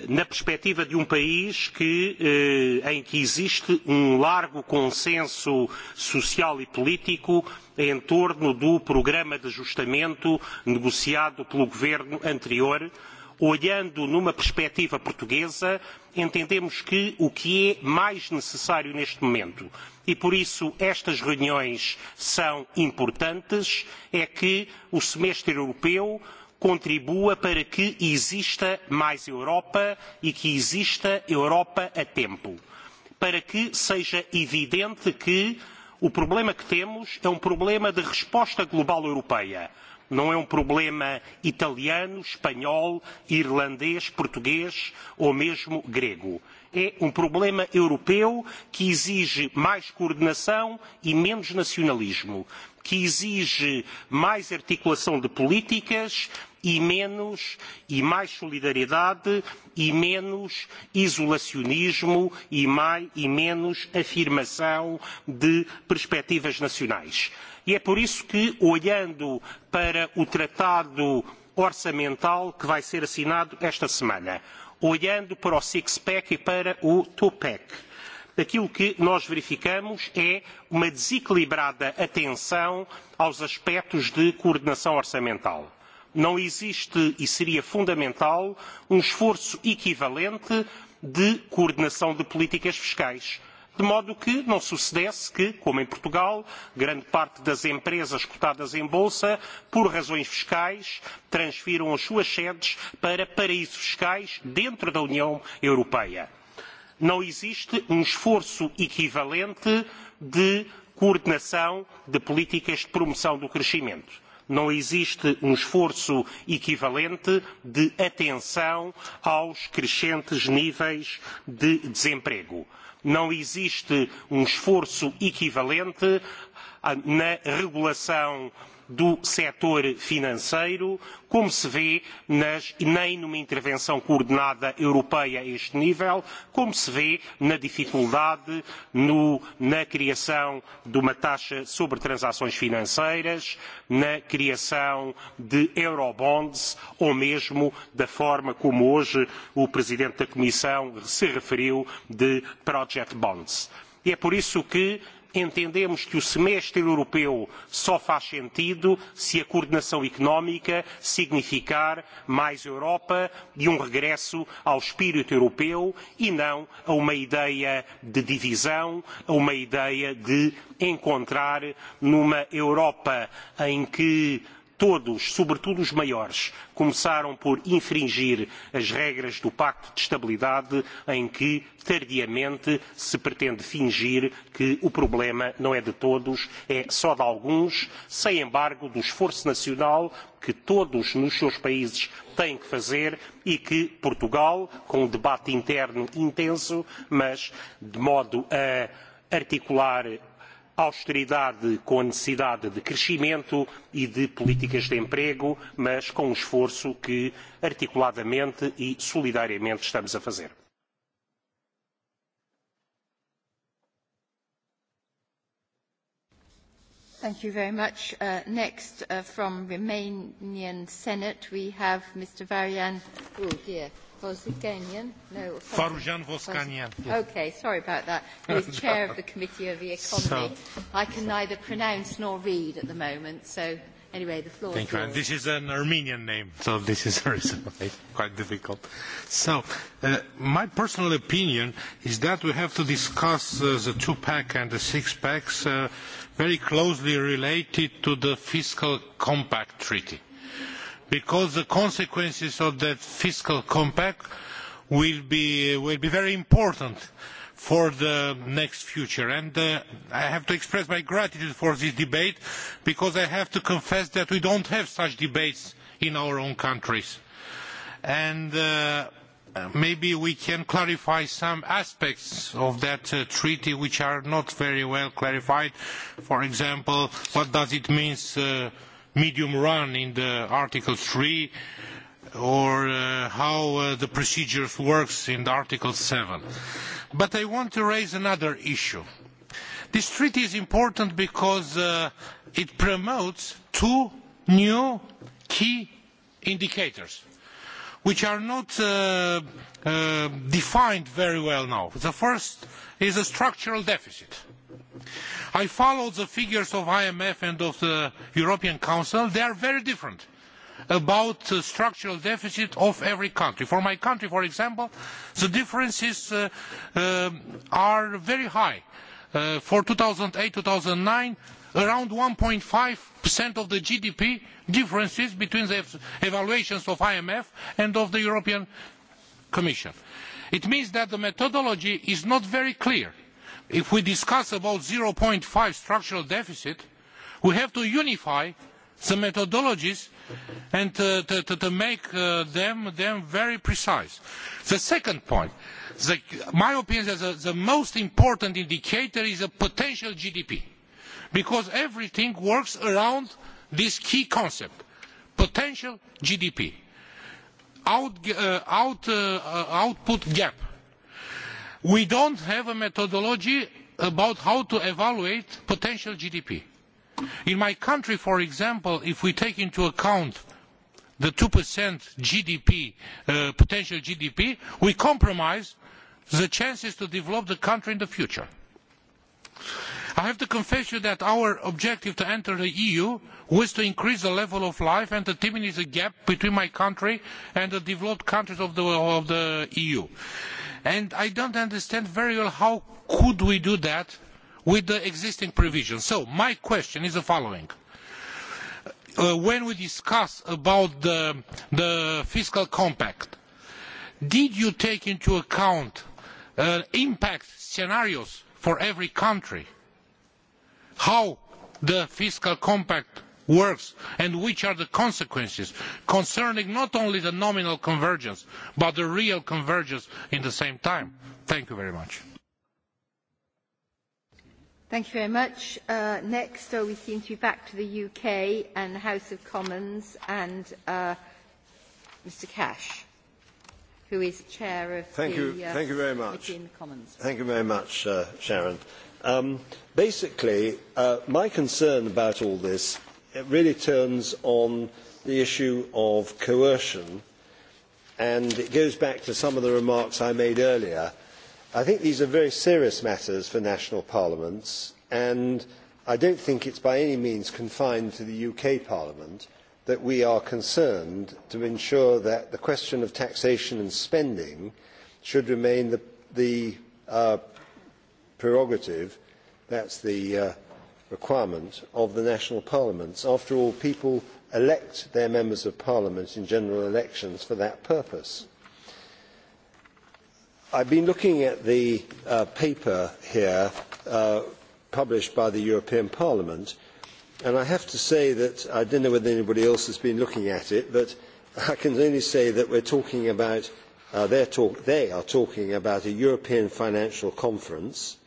na perspectiva de um país que, uh, em que existe um largo consenso social e político em torno do programa de ajustamento negociado pelo governo anterior, uh, olhando numa perspectiva portuguesa, entendemos que o que é mais necessário neste momento, e por isso estas reuniões são importantes, é que o semestre europeu contribua para que exista mais Europa e que exista Europa a tempo. Para que seja evidente que o problema que temos é um problema de resposta global europeia Não é um problema italiano, espanhol, irlandês, português ou mesmo grego. É um problema europeu que exige mais coordenação e menos nacionalismo, que exige mais articulação de políticas e menos e mais solidariedade e menos isolacionismo e, mais, e menos afirmação de perspectivas nacionais. E é por isso que, olhando para o tratado orçamental que vai ser assinado esta semana, olhando para o six-pack e para o two-pack, aquilo que nós verificamos é uma desequilibrada atenção aos aspectos de coordenação orçamental. Não existe, e seria fundamental, um esforço equivalente de coordenação de políticas fiscais de modo que não sucedesse que, como em Portugal, grande parte das empresas cotadas em Bolsa, por razões fiscais, transfiram as suas sedes para paraísos fiscais dentro da União Europeia. Não existe um esforço equivalente de coordenação de políticas de promoção do crescimento não existe um esforço equivalente de atenção aos crescentes níveis de desemprego não existe um esforço equivalente na regulação do setor financeiro, como se vê nas, nem numa intervenção coordenada europeia a este nível, como se vê na dificuldade no, na criação de uma taxa sobre transações financeiras, na criação de eurobonds ou mesmo da forma como hoje o Presidente da Comissão se referiu de project bonds. E é por isso que entendemos que o semestre europeu só faz sentido se a coordenação económica significar mais Europa e um regresso ao espírito europeu e não a uma ideia de divisão, a uma ideia de encontrar numa Europa em que todos, sobretudo os maiores, começaram por infringir as regras do Pacto de Estabilidade, em que tardiamente se pretende fingir que o problema não é de todos, é só de alguns, sem embargo do esforço nacional que todos nos seus países têm que fazer e que Portugal, com um debate interno intenso, mas de modo a articular austeridade com a necessidade de crescimento e de políticas de emprego, mas com o um esforço que articuladamente e solidariamente estamos a fazer. Thank you very much. Uh, next, uh, from Romanian Senate, we have Mr. Varian. Oh, dear. Vosganian? No. Farujan Voskanian. Yes. Okay, sorry about that. he is chair of the Committee of the Economy. So. I can neither pronounce nor read at the moment, so anyway, the floor Thank is yours. You. This is an Armenian name, so this is quite difficult. So, uh, my personal opinion is that we have to discuss uh, the two-pack and the six-packs uh, very closely related to the fiscal compact treaty because the consequences of that fiscal compact will be, will be very important for the next future. And uh, I have to express my gratitude for this debate because I have to confess that we don't have such debates in our own countries. And uh, maybe we can clarify some aspects of that uh, treaty which are not very well clarified. For example, what does it mean uh, medium run in the Article 3 or uh, how uh, the procedure works in the Article 7. But I want to raise another issue. This treaty is important because uh, it promotes two new key indicators which are not uh, uh, defined very well now. The first is a structural deficit. I followed the figures of IMF and of the European Council. They are very different about the structural deficit of every country. For my country, for example, the differences uh, uh are very high. Uh, for 2008 2009, around 1.5% of the GDP differences between the evaluations of IMF and of the European Commission. It means that the methodology is not very clear if we discuss about 0.5 structural deficit, we have to unify the methodologies and to, uh, to, to, to make uh, them, them very precise. The second point, the, my opinion is that the, the most important indicator is a potential GDP, because everything works around this key concept, potential GDP, out, uh, out, uh, uh output gap we don't have a methodology about how to evaluate potential GDP. In my country, for example, if we take into account the 2% GDP, uh, potential GDP, we compromise the chances to develop the country in the future. I have to confess to you that our objective to enter the EU was to increase the level of life and to diminish the gap between my country and the developed countries of the, of the EU. And I don't understand very well how could we do that with the existing provisions. So my question is the following. Uh, when we discuss about the, the fiscal compact, did you take into account uh, impact scenarios for every country? How the fiscal compact works and which are the consequences concerning not only the nominal convergence but the real convergence at the same time. Thank you very much. Thank you very much. Uh, next, so we seem to be back to the UK and the House of Commons and uh, Mr. Cash, who is chair of thank the you, uh, thank you very much. Committee in the Commons. Thank you very much, uh, Sharon. Um, basically, uh, my concern about all this it really turns on the issue of coercion, and it goes back to some of the remarks I made earlier. I think these are very serious matters for national parliaments, and I don't think it is by any means confined to the UK Parliament that we are concerned to ensure that the question of taxation and spending should remain the, the uh, prerogative, that's the uh, requirement of the national parliaments. After all, people elect their members of parliament in general elections for that purpose. I have been looking at the uh, paper here uh, published by the European Parliament, and I have to say that I don't know whether anybody else has been looking at it, but I can only say that we're talking about, uh, talk, they are talking about a European financial conference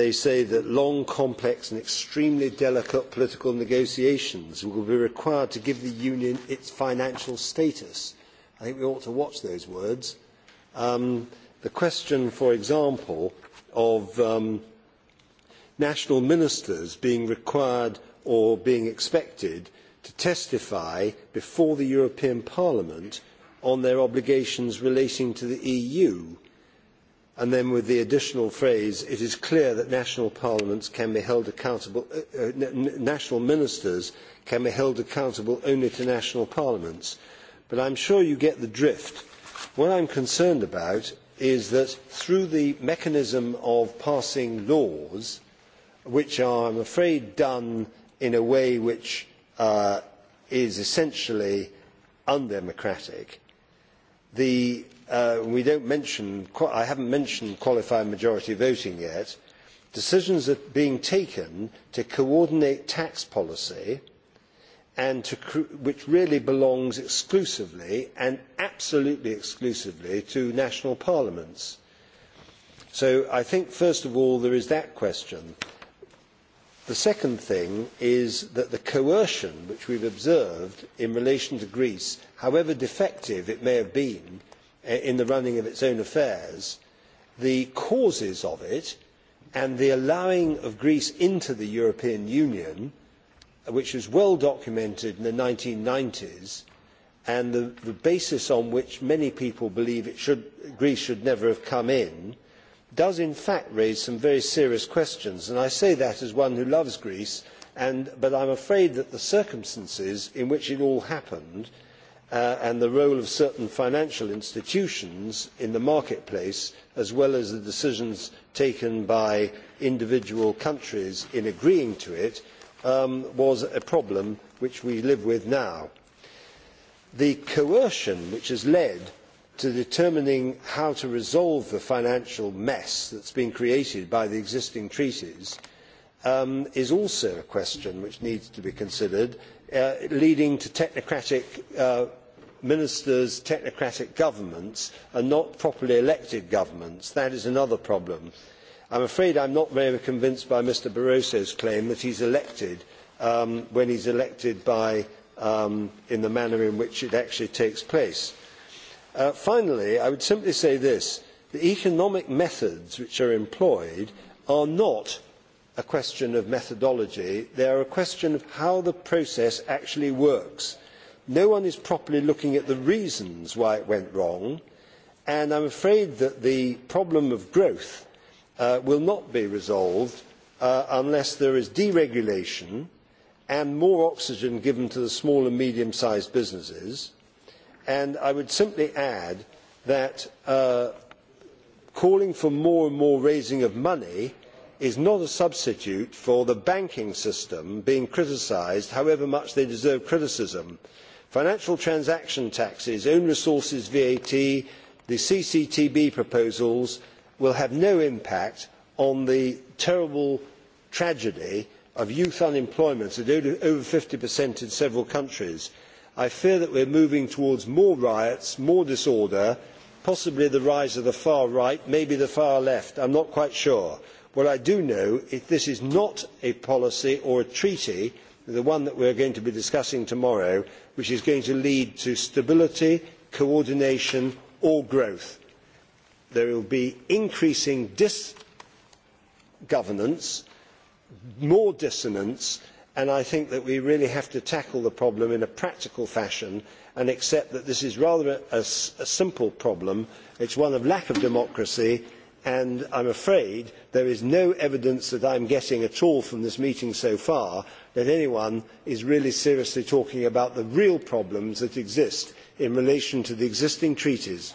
They say that long, complex and extremely delicate political negotiations will be required to give the Union its financial status. I think we ought to watch those words. Um, the question, for example, of um, national ministers being required or being expected to testify before the European Parliament on their obligations relating to the EU and then with the additional phrase, it is clear that national parliaments can be held accountable, uh, uh, national ministers can be held accountable only to national parliaments. But I'm sure you get the drift. What I'm concerned about is that through the mechanism of passing laws, which are, I'm afraid, done in a way which uh, is essentially undemocratic, the uh, we don't mention, I haven't mentioned qualified majority voting yet, decisions are being taken to coordinate tax policy and to, which really belongs exclusively and absolutely exclusively to national parliaments. So I think, first of all, there is that question. The second thing is that the coercion which we have observed in relation to Greece, however defective it may have been, Uh, in the running of its own affairs, the causes of it and the allowing of Greece into the European Union, which was well documented in the 1990s, and the, the basis on which many people believe should, Greece should never have come in, does in fact raise some very serious questions. And I say that as one who loves Greece, and, but I'm afraid that the circumstances in which it all happened – uh, and the role of certain financial institutions in the marketplace, as well as the decisions taken by individual countries in agreeing to it, um, was a problem which we live with now. The coercion which has led to determining how to resolve the financial mess that has been created by the existing treaties um, is also a question which needs to be considered, uh, leading to technocratic uh, ministers, technocratic governments, and not properly elected governments. That is another problem. I am afraid I am not very convinced by Mr Barroso's claim that he is elected um, when he is elected by, um, in the manner in which it actually takes place. Uh, finally, I would simply say this. The economic methods which are employed are not a question of methodology. They are a question of how the process actually works. No one is properly looking at the reasons why it went wrong, and I am afraid that the problem of growth uh, will not be resolved uh, unless there is deregulation and more oxygen given to the small and medium-sized businesses. And I would simply add that uh, calling for more and more raising of money is not a substitute for the banking system being criticised however much they deserve criticism. Financial transaction taxes, own resources VAT, the CCTB proposals will have no impact on the terrible tragedy of youth unemployment at over fifty in several countries. I fear that we are moving towards more riots, more disorder, possibly the rise of the far right, maybe the far left, I am not quite sure What I do know is this is not a policy or a treaty, the one that we are going to be discussing tomorrow, which is going to lead to stability, coordination or growth. There will be increasing disgovernance, more dissonance, and I think that we really have to tackle the problem in a practical fashion and accept that this is rather a, a, a simple problem. It's one of lack of democracy, and I am afraid there is no evidence that I am getting at all from this meeting so far that anyone is really seriously talking about the real problems that exist in relation to the existing treaties.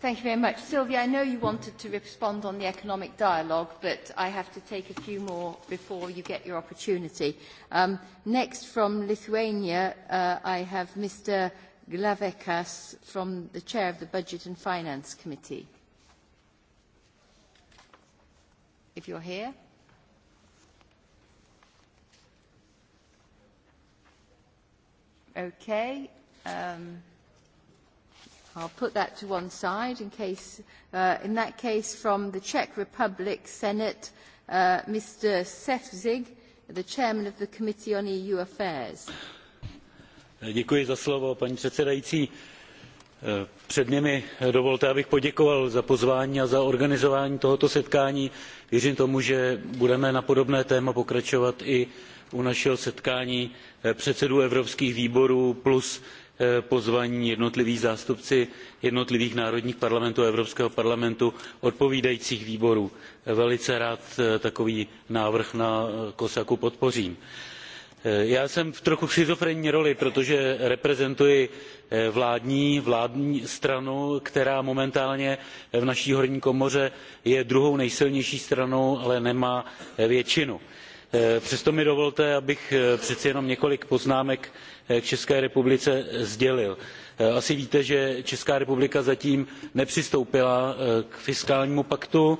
Thank you very much. Sylvia, I know you wanted to respond on the economic dialogue, but I have to take a few more before you get your opportunity. Um, next from Lithuania, uh, I have Mr. Glavekas from the Chair of the Budget and Finance Committee. if you're here. Okay. Um, I'll put that to one side in case, uh, in that case from the Czech Republic Senate, uh, Mr. Sefzig, the chairman of the Committee on EU Affairs. Děkuji za slovo, paní předsedající. Před nimi dovolte, abych poděkoval za pozvání a za organizování tohoto setkání. Věřím tomu, že budeme na podobné téma pokračovat i u našeho setkání eh, předsedů evropských výborů plus eh, pozvaní jednotliví zástupci jednotlivých národních parlamentů a Evropského parlamentu odpovídajících výborů. Velice rád eh, takový návrh na COSACU podpořím. Eh, já jsem v trochu schizofrenní roli, protože reprezentuji eh, vládní, vládní stranu, která momentálně eh, v naší horní komoře je druhou nejsilnější stranou, ale nemá většinu. Přesto mi dovolte, abych přeci jenom několik poznámek k České republice sdělil. Asi víte, že Česká republika zatím nepřistoupila k fiskálnímu paktu,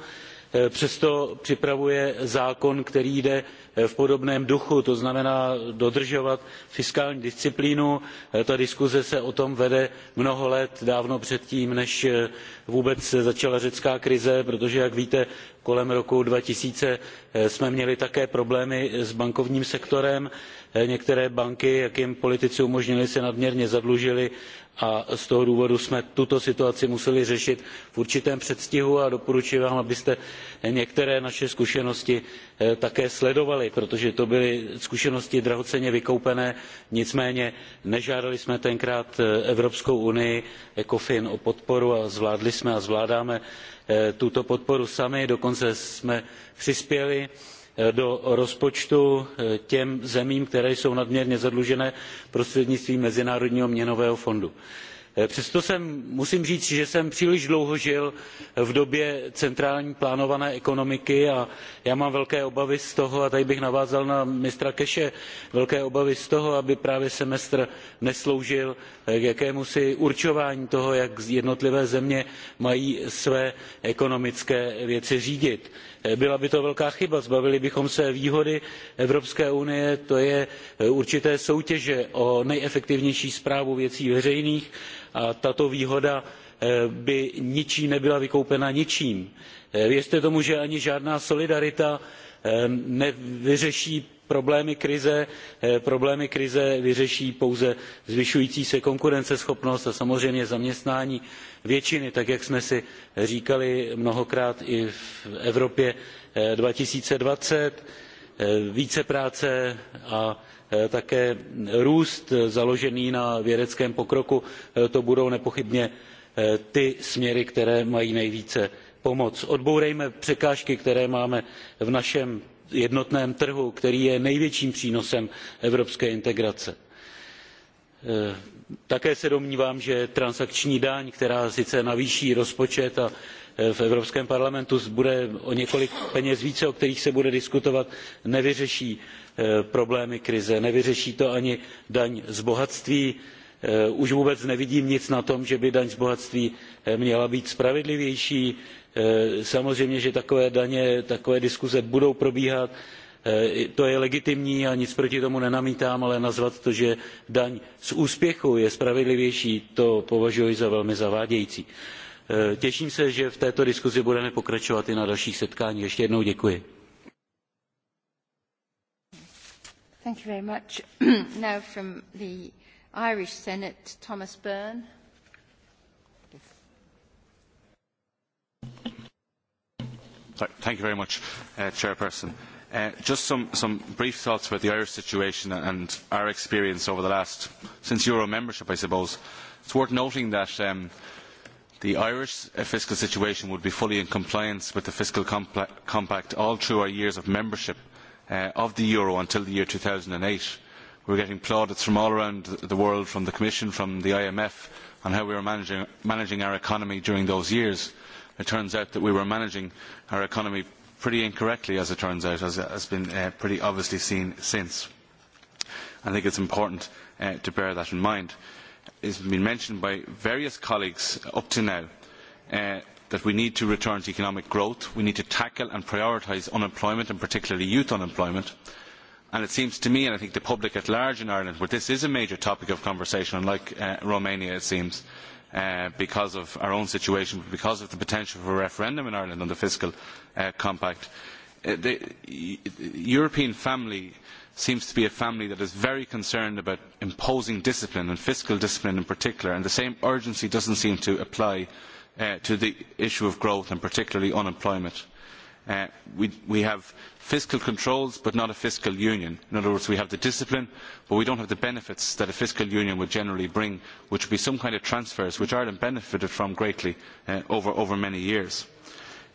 Eh, přesto připravuje zákon, který jde eh, v podobném duchu, to znamená dodržovat fiskální disciplínu. Eh, ta diskuze se o tom vede mnoho let, dávno předtím, než vůbec začala řecká krize, protože, jak víte, kolem roku 2000 jsme měli také problémy s bankovním sektorem. Eh, některé banky, jak jim politici umožnili, se nadměrně zadlužily a z toho důvodu jsme tuto situaci museli řešit v určitém předstihu a doporučuji vám, abyste některé naše zkušenosti eh, také sledovali, protože to byly zkušenosti drahocenně vykoupené, nicméně nežádali jsme tenkrát eh, Evropskou unii, ECOFIN o podporu a zvládli jsme a zvládáme tuto podporu sami, dokonce jsme přispěli Eh, do rozpočtu eh, těm zemím, které jsou nadměrně zadlužené prostřednictvím Mezinárodního měnového fondu. Eh, přesto musím říct, že jsem příliš dlouho žil v době centrální plánované ekonomiky a já mám velké obavy z toho, a tady bych navázal na mistra Keše, velké obavy z toho, aby právě semestr nesloužil k jakémusi určování toho, jak jednotlivé země mají své ekonomické věci řídit Eh, byla by to velká chyba, zbavili bychom se výhody Evropské unie, to je eh, určité soutěže o nejefektivnější správu věcí veřejných a tato výhoda eh, by ničí nebyla vykoupena ničím. Věřte tomu, že ani žádná solidarita Ehm, nevyřeší problémy krize, eh, problémy krize vyřeší pouze zvyšující se konkurenceschopnost a samozřejmě zaměstnání většiny, tak jak jsme si říkali mnohokrát i v Evropě 2020, eh, eh, práce a také růst založený na vědeckém pokroku, to budou nepochybně ty směry, které mají nejvíce pomoc. Odbourejme překážky, které máme v našem jednotném trhu, který je největším přínosem evropské integrace. E, také se domnívám, že transakční daň, která sice navýší rozpočet a e, v Evropském parlamentu bude o několik peněz více, o kterých se bude diskutovat, nevyřeší e, problémy krize. Nevyřeší to ani daň z bohatství, Eh, už vůbec nevidím nic na tom, že by daň z bohatství eh, měla být spravedlivější. Eh, samozřejmě, že takové daně, takové diskuze budou probíhat. To je legitimní a nic proti tomu nenamítám, ale nazvat to, že daň z úspěchu je spravedlivější, to považuji za velmi zavádějící. Těším se, že v této diskuzi budeme pokračovat i na dalších setkáních. Ještě jednou děkuji. Thank you very much. Now from the Irish Senate, Thomas Byrne. Thank you very much, uh, Chairperson. Uh, just some, some brief thoughts about the Irish situation and our experience over the last, since Euro membership, I suppose. It's worth noting that um, the Irish fiscal situation would be fully in compliance with the fiscal compact all through our years of membership uh, of the Euro until the year two thousand eight We are getting plaudits from all around the world, from the Commission, from the IMF, on how we were managing, managing our economy during those years. It turns out that we were managing our economy pretty incorrectly, as it turns out, as has been uh, pretty obviously seen since. I think it is important uh, to bear that in mind. It has been mentioned by various colleagues up to now uh, that we need to return to economic growth. We need to tackle and prioritise unemployment, and particularly youth unemployment. Uh, And it seems to me, and I think the public at large in Ireland, where this is a major topic of conversation, unlike uh, Romania, it seems, uh, because of our own situation, but because of the potential for a referendum in Ireland on the fiscal uh, compact, uh, the European family seems to be a family that is very concerned about imposing discipline and fiscal discipline in particular, and the same urgency does not seem to apply uh, to the issue of growth and particularly unemployment. Uh, we, have fiscal controls but not a fiscal union. In other words, we have the discipline but we do not have the benefits that a fiscal union would generally bring, which would be some kind of transfers which Ireland benefited from greatly uh, over, over, many years.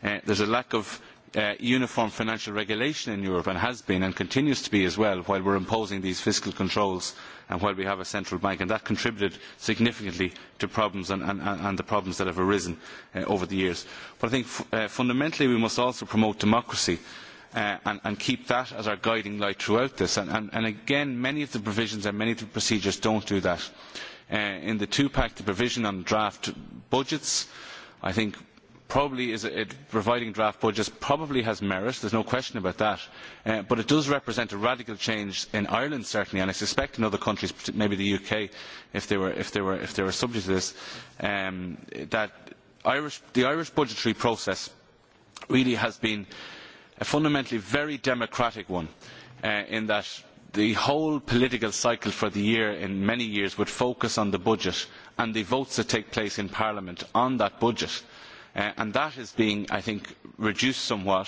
Uh, there is a lack of uh, uniform financial regulation in Europe and has been and continues to be as well while we are imposing these fiscal controls and while we have a central bank. And that contributed significantly to problems and, and, and the problems that have arisen uh, over the years. But I think uh, fundamentally we must also promote democracy. Uh, and, and keep that as our guiding light throughout this. And, and, and again, many of the provisions and many of the procedures don't do that. Uh, in the two-pack, the provision on draft budgets, I think probably is it, providing draft budgets probably has merit, there's no question about that, uh, but it does represent a radical change in Ireland certainly, and I suspect in other countries, maybe the UK, if they were, if they were, if they were subject to this, um, that Irish, the Irish budgetary process really has been a fundamentally very democratic one uh, in that the whole political cycle for the year in many years would focus on the budget and the votes that take place in Parliament on that budget Uh, and that is being, I think, reduced somewhat.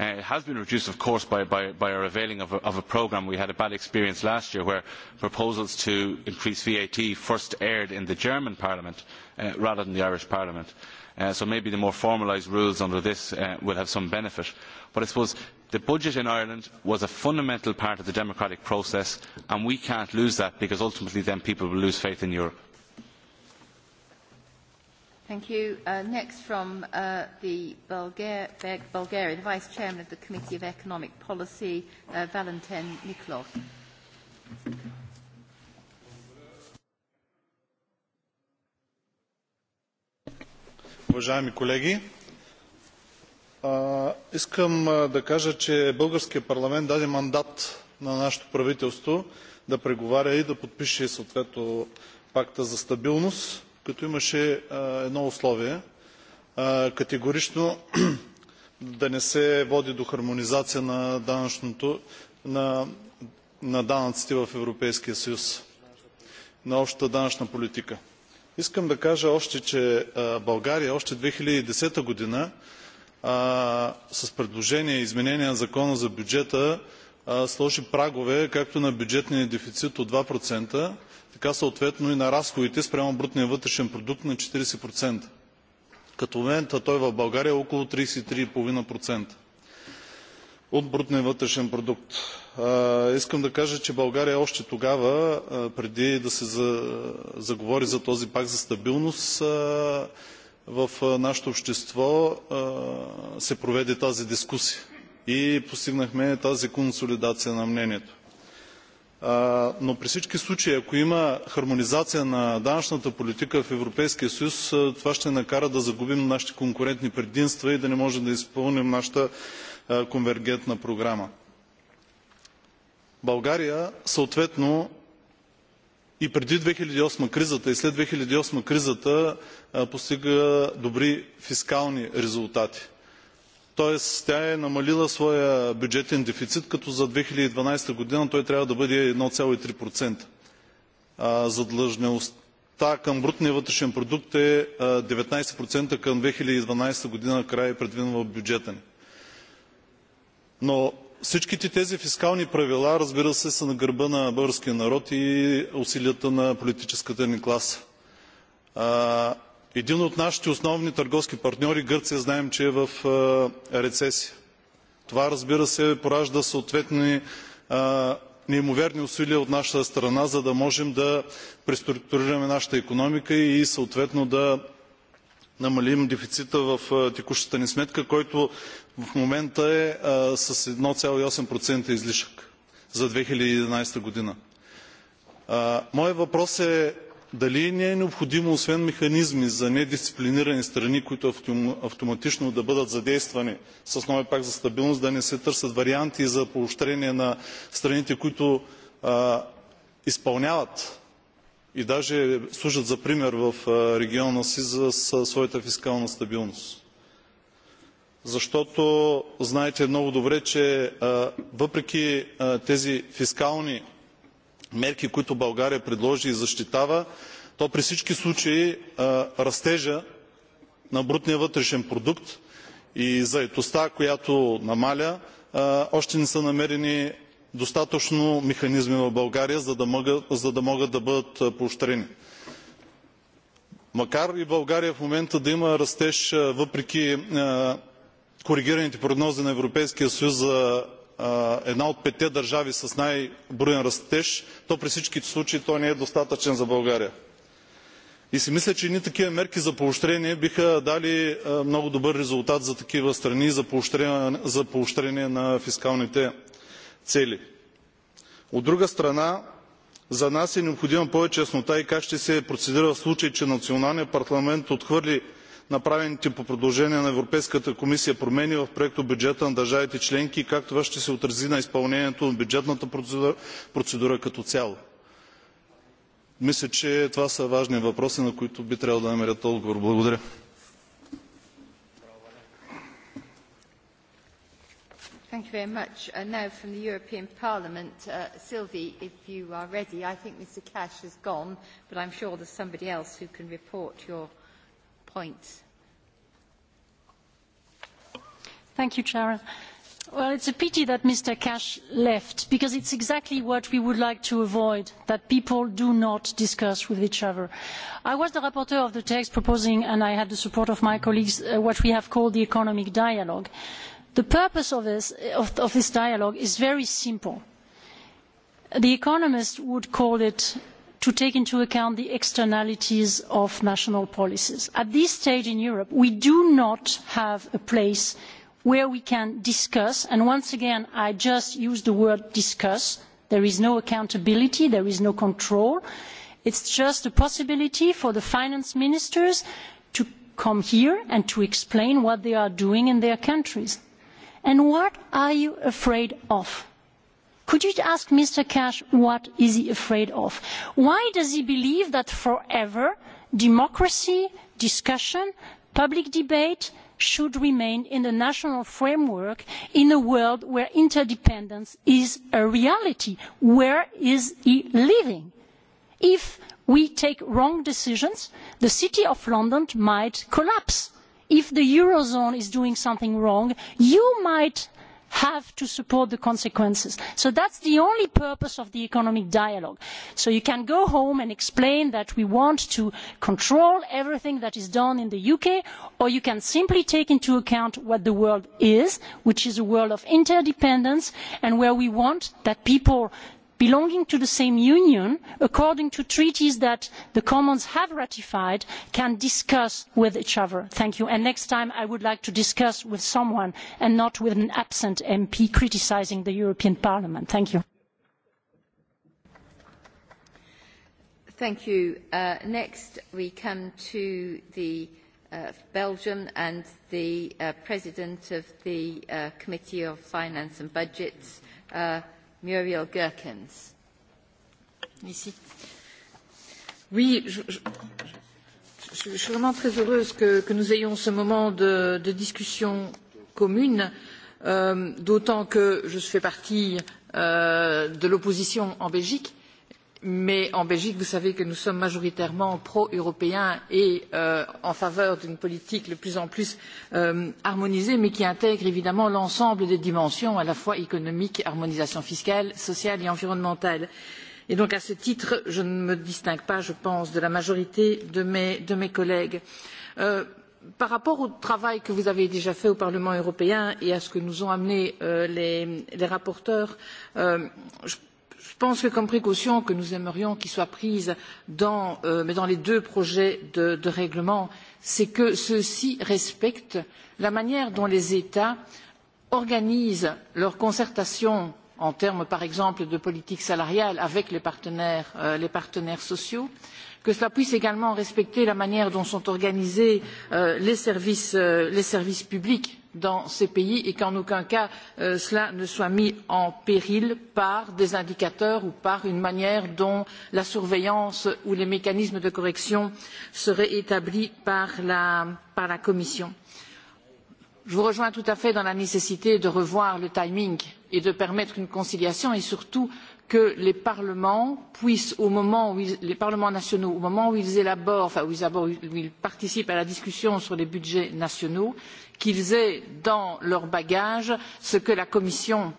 Uh, it has been reduced, of course, by, by, by our availing of a, of a programme. We had a bad experience last year where proposals to increase VAT first aired in the German Parliament uh, rather than the Irish Parliament. Uh, so maybe the more formalised rules under this uh, will have some benefit. But I suppose the budget in Ireland was a fundamental part of the democratic process, and we cannot lose that because ultimately then people will lose faith in Europe. Thank you. Uh, next from uh, the Bulgar Bulgarian Vice Chairman of the Committee of Economic Policy, uh, Valentin Niklov. Уважаеми колеги, а, искам да кажа, че Българския парламент даде мандат на нашето правителство да преговаря и да подпише съответно пакта за стабилност като имаше едно условие категорично да не се води до хармонизация на, данъчното, на, на данъците в Европейския съюз, на общата данъчна политика. Искам да кажа още, че България още 2010 година а, с предложение изменение на закона за бюджета а, сложи прагове както на бюджетния дефицит от 2%, така съответно и на разходите спрямо брутния вътрешен продукт на 40%. Като момента той в България е около 33,5% от брутния вътрешен продукт. Искам да кажа, че България още тогава, преди да се заговори за този пак за стабилност, в нашето общество се проведе тази дискусия и постигнахме тази консолидация на мнението но при всички случаи, ако има хармонизация на данъчната политика в Европейския съюз, това ще накара да загубим нашите конкурентни предимства и да не можем да изпълним нашата конвергентна програма. България съответно и преди 2008 кризата и след 2008 кризата постига добри фискални резултати. Тоест, тя е намалила своя бюджетен дефицит, като за 2012 година той трябва да бъде 1,3%. Задлъжнеността към брутния вътрешен продукт е 19% към 2012 година край е предвиден в бюджета ни. Но всичките тези фискални правила, разбира се, са на гърба на българския народ и усилията на политическата ни класа. Един от нашите основни търговски партньори, Гърция, знаем, че е в рецесия. Това, разбира се, поражда съответни неимоверни усилия от наша страна, за да можем да преструктурираме нашата економика и съответно да намалим дефицита в текущата ни сметка, който в момента е с 1,8% излишък за 2011 година. Моят въпрос е дали не е необходимо, освен механизми за недисциплинирани страни, които автоматично да бъдат задействани с новия пак за стабилност, да не се търсят варианти за поощрение на страните, които а, изпълняват и даже служат за пример в региона си за своята фискална стабилност. Защото знаете много добре, че а, въпреки а, тези фискални мерки, които България предложи и защитава, то при всички случаи растежа на брутния вътрешен продукт и заедостта, която намаля, още не са намерени достатъчно механизми в България, за да могат, за да, могат да бъдат поощрени. Макар и България в момента да има растеж, въпреки коригираните прогнози на Европейския съюз за една от петте държави с най-броен растеж, то при всичките случаи той не е достатъчен за България. И си мисля, че ни такива мерки за поощрение биха дали много добър резултат за такива страни за поощрение, за поощрение на фискалните цели. От друга страна, за нас е необходима повече яснота и как ще се процедира в случай, че националният парламент отхвърли направените по предложение на Европейската комисия промени в проектобюджета на държавите членки и как това ще се отрази на изпълнението на бюджетната процедура, като цяло? Мисля, че това са важни въпроси, на които би трябвало да намерят отговор. Благодаря. Thank you very much. And uh, now from the European Parliament, uh, Sylvie, if you are ready, I think Mr Cash is gone, but I'm sure there's somebody else who can report your points. Thank you, Chair. Well, it's a pity that Mr. Cash left, because it's exactly what we would like to avoid, that people do not discuss with each other. I was the rapporteur of the text proposing, and I had the support of my colleagues, uh, what we have called the economic dialogue. The purpose of this, of, of this dialogue is very simple. The economists would call it to take into account the externalities of national policies. At this stage in Europe, we do not have a place where we can discuss, and once again, I just use the word discuss, there is no accountability, there is no control. It is just a possibility for the finance ministers to come here and to explain what they are doing in their countries. And what are you afraid of? Could you ask Mr. Cash what is he afraid of? Why does he believe that forever democracy, discussion, public debate should remain in the national framework in a world where interdependence is a reality? Where is he living? If we take wrong decisions, the city of London might collapse. If the Eurozone is doing something wrong, you might have to support the consequences. So that is the only purpose of the economic dialogue. So you can go home and explain that we want to control everything that is done in the UK, or you can simply take into account what the world is, which is a world of interdependence, and where we want that people belonging to the same union according to treaties that the commons have ratified can discuss with each other. And next time i would like to discuss with someone and not with an absent mp criticising the european parliament. thank you. Thank you. Uh, next we come to the uh, Belgium and the uh, President of the uh, Committee of Finance and Budgets, uh, Muriel Gerkens. Ici. Oui, je, je, je, je suis vraiment très heureuse que, que nous ayons ce moment de, de discussion commune, euh, d'autant que je fais partie euh, de l'opposition en Belgique mais en Belgique, vous savez que nous sommes majoritairement pro-européens et euh, en faveur d'une politique de plus en plus euh, harmonisée, mais qui intègre évidemment l'ensemble des dimensions, à la fois économique, harmonisation fiscale, sociale et environnementale. Et donc, à ce titre, je ne me distingue pas, je pense, de la majorité de mes, de mes collègues. Euh, par rapport au travail que vous avez déjà fait au Parlement européen et à ce que nous ont amené euh, les, les rapporteurs, euh, je je pense que comme précaution que nous aimerions qu'il soit prise dans, euh, mais dans les deux projets de, de règlement, c'est que ceux-ci respectent la manière dont les États organisent leur concertation en termes, par exemple, de politique salariale avec les partenaires, euh, les partenaires sociaux, que cela puisse également respecter la manière dont sont organisés euh, les, services, euh, les services publics dans ces pays et qu'en aucun cas euh, cela ne soit mis en péril par des indicateurs ou par une manière dont la surveillance ou les mécanismes de correction seraient établis par la, par la Commission. Je vous rejoins tout à fait dans la nécessité de revoir le timing et de permettre une conciliation et surtout que les parlements puissent, au moment où ils, les parlements nationaux, au moment où ils élaborent, enfin où ils, abordent, où ils participent à la discussion sur les budgets nationaux, qu'ils aient dans leur bagage ce que la Commission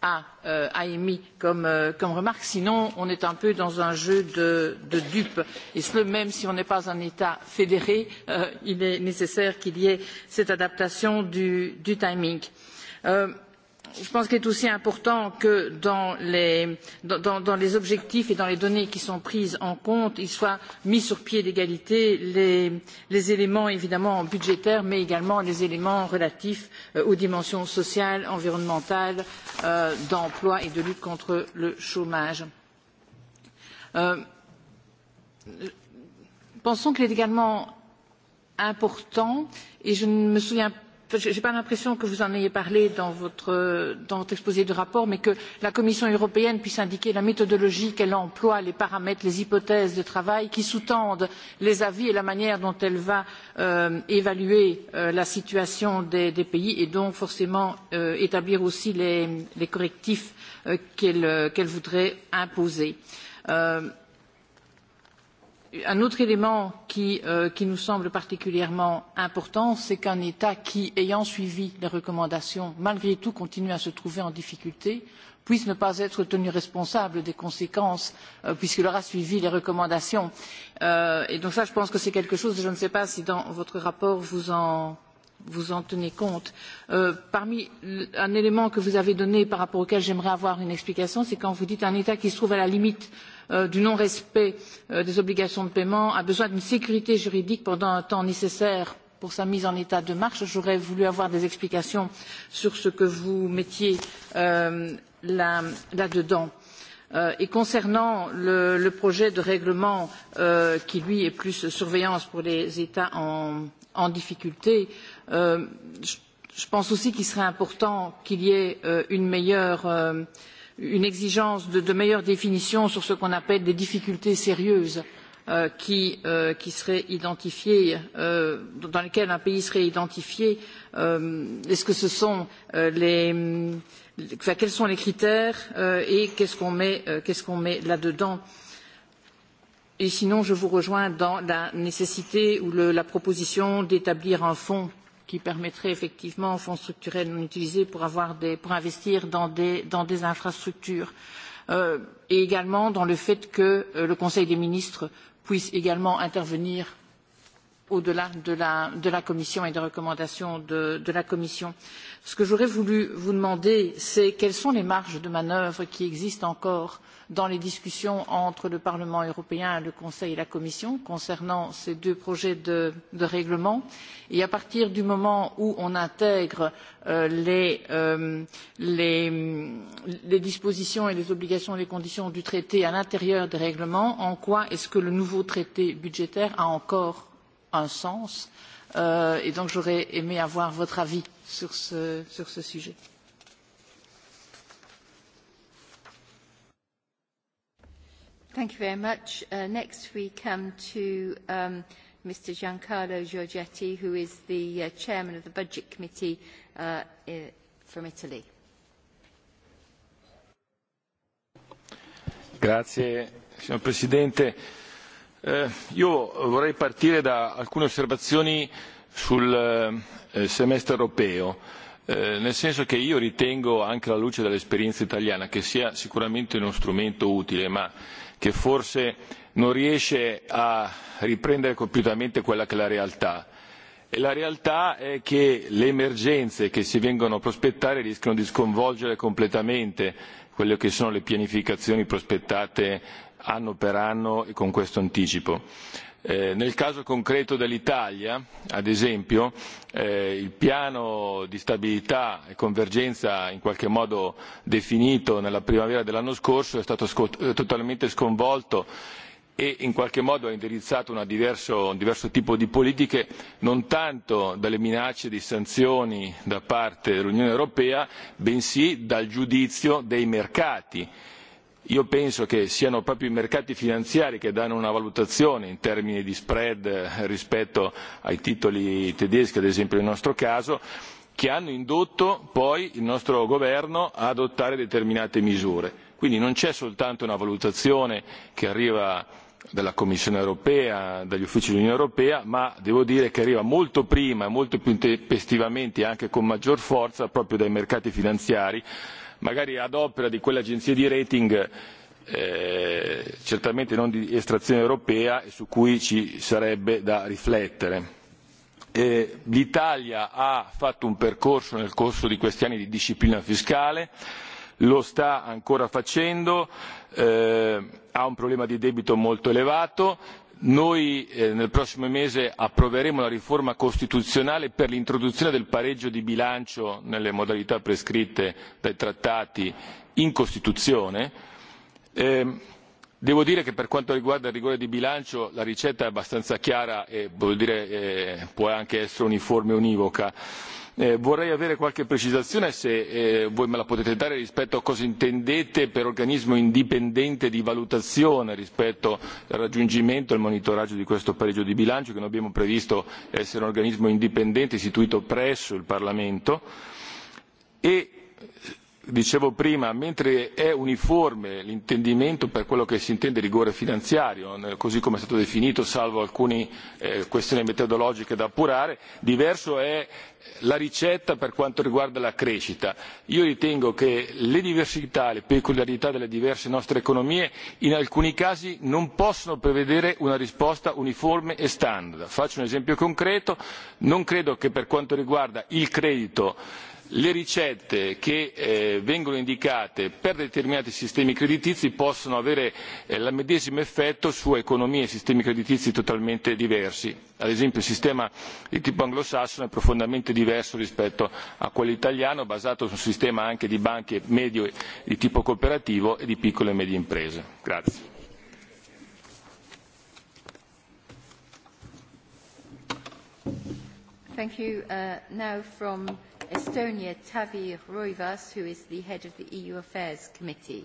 a, euh, a émis comme, euh, comme, remarque, sinon on est un peu dans un jeu de, de dupes. Et ce même si on n'est pas un État fédéré, euh, il est nécessaire qu'il y ait cette adaptation du, du timing. Euh, je pense qu'il est aussi important que dans les, dans, dans les objectifs et dans les données qui sont prises en compte, il soit mis sur pied d'égalité les, les éléments évidemment budgétaires, mais également les éléments relatifs euh, aux dimensions sociales, environnementales, euh, d'emploi et de lutte contre le chômage. Euh, pensons qu'il est également important, et je ne me souviens pas j'ai pas l'impression que vous en ayez parlé dans votre, dans votre exposé de rapport, mais que la Commission européenne puisse indiquer la méthodologie qu'elle emploie, les paramètres, les hypothèses de travail qui sous-tendent les avis et la manière dont elle va euh, évaluer euh, la situation des, des pays et donc forcément euh, établir aussi les, les correctifs euh, qu'elle euh, qu voudrait imposer. Euh, un autre élément qui, euh, qui nous semble particulièrement important, c'est qu'un État qui, ayant suivi les recommandations, malgré tout continue à se trouver en difficulté, puisse ne pas être tenu responsable des conséquences euh, puisqu'il aura suivi les recommandations. Euh, et donc ça, je pense que c'est quelque chose, je ne sais pas si dans votre rapport vous en vous en tenez compte. Euh, parmi un élément que vous avez donné par rapport auquel j'aimerais avoir une explication, c'est quand vous dites un État qui se trouve à la limite Euh, du non-respect euh, des obligations de paiement a besoin d'une sécurité juridique pendant un temps nécessaire pour sa mise en état de marche. J'aurais voulu avoir des explications sur ce que vous mettiez euh, là-dedans. Là euh, et concernant le, le, projet de règlement euh, qui, lui, est plus surveillance pour les États en, en difficulté, euh, je, je, pense aussi qu'il serait important qu'il y ait une meilleure une exigence de, de meilleure définition sur ce qu'on appelle des difficultés sérieuses euh, qui, euh, qui seraient identifiées, euh, dans lesquelles un pays serait identifié. Euh, Est-ce que ce sont euh, les. Enfin, quels sont les critères euh, et qu'est-ce qu'on met, euh, qu qu met là-dedans Et sinon, je vous rejoins dans la nécessité ou le, la proposition d'établir un fonds qui permettrait effectivement aux fonds structurels non utilisés pour, avoir des, pour investir dans des, dans des infrastructures. Euh, et également dans le fait que euh, le Conseil des ministres puisse également intervenir au-delà de la, de la Commission et des recommandations de, de la Commission. Ce que j'aurais voulu vous demander, c'est quelles sont les marges de manœuvre qui existent encore dans les discussions entre le Parlement européen, le Conseil et la Commission concernant ces deux projets de, de règlement. Et à partir du moment où on intègre euh, les, euh, les, les dispositions et les obligations et les conditions du traité à l'intérieur des règlements, en quoi est-ce que le nouveau traité budgétaire a encore un sens. Euh, et donc j'aurais aimé avoir votre avis sur ce, sur ce sujet. Thank you very much. Uh, next we come to um, Mr. Giancarlo Giorgetti, who is the uh, chairman of the Budget Committee uh, from Italy. Grazie, signor Presidente. Eh, io vorrei partire da alcune osservazioni sul eh, semestre europeo, eh, nel senso che io ritengo, anche alla luce dell'esperienza italiana, che sia sicuramente uno strumento utile, ma che forse non riesce a riprendere compiutamente quella che è la realtà. E la realtà è che le emergenze che si vengono a prospettare rischiano di sconvolgere completamente quelle che sono le pianificazioni prospettate anno per anno e con questo anticipo. Eh, nel caso concreto dell'Italia, ad esempio, eh, il piano di stabilità e convergenza in qualche modo definito nella primavera dell'anno scorso è stato sco- eh, totalmente sconvolto e in qualche modo ha indirizzato una diverso, un diverso tipo di politiche non tanto dalle minacce di sanzioni da parte dell'Unione Europea, bensì dal giudizio dei mercati Io penso che siano proprio i mercati finanziari che danno una valutazione in termini di spread eh, rispetto ai titoli tedeschi, ad esempio nel nostro caso, che hanno indotto poi il nostro governo ad adottare determinate misure. Quindi non c'è soltanto una valutazione che arriva dalla Commissione europea, dagli uffici dell'Unione europea, ma devo dire che arriva molto prima e molto più tempestivamente e anche con maggior forza proprio dai mercati finanziari magari ad opera di quelle agenzie di rating eh, certamente non di estrazione europea e su cui ci sarebbe da riflettere. Eh, L'Italia ha fatto un percorso nel corso di questi anni di disciplina fiscale, lo sta ancora facendo, eh, ha un problema di debito molto elevato, Noi eh, nel prossimo mese approveremo la riforma costituzionale per l'introduzione del pareggio di bilancio nelle modalità prescritte dai trattati in Costituzione. Eh, Devo dire che per quanto riguarda il rigore di bilancio la ricetta è abbastanza chiara e vuol dire, eh, può anche essere uniforme e univoca. Eh, vorrei avere qualche precisazione se eh, voi me la potete dare rispetto a cosa intendete per organismo indipendente di valutazione rispetto al raggiungimento e al monitoraggio di questo pareggio di bilancio che noi abbiamo previsto essere un organismo indipendente istituito presso il Parlamento e dicevo prima, mentre è uniforme l'intendimento per quello che si intende rigore finanziario, così come è stato definito, salvo alcune eh, questioni metodologiche da appurare, diverso è la ricetta per quanto riguarda la crescita. Io ritengo che le diversità, le peculiarità delle diverse nostre economie in alcuni casi non possono prevedere una risposta uniforme e standard. Faccio un esempio concreto, non credo che per quanto riguarda il credito le ricette che eh, vengono indicate per determinati sistemi creditizi possono avere eh, il medesimo effetto su economie e sistemi creditizi totalmente diversi. Ad esempio il sistema di tipo anglosassone è profondamente diverso rispetto a quello italiano, basato su un sistema anche di banche medio di tipo cooperativo e di piccole e medie imprese. Grazie. Thank you. Uh, now from Estonia Tavi Roivas, who is the head of the EU Affairs Committee.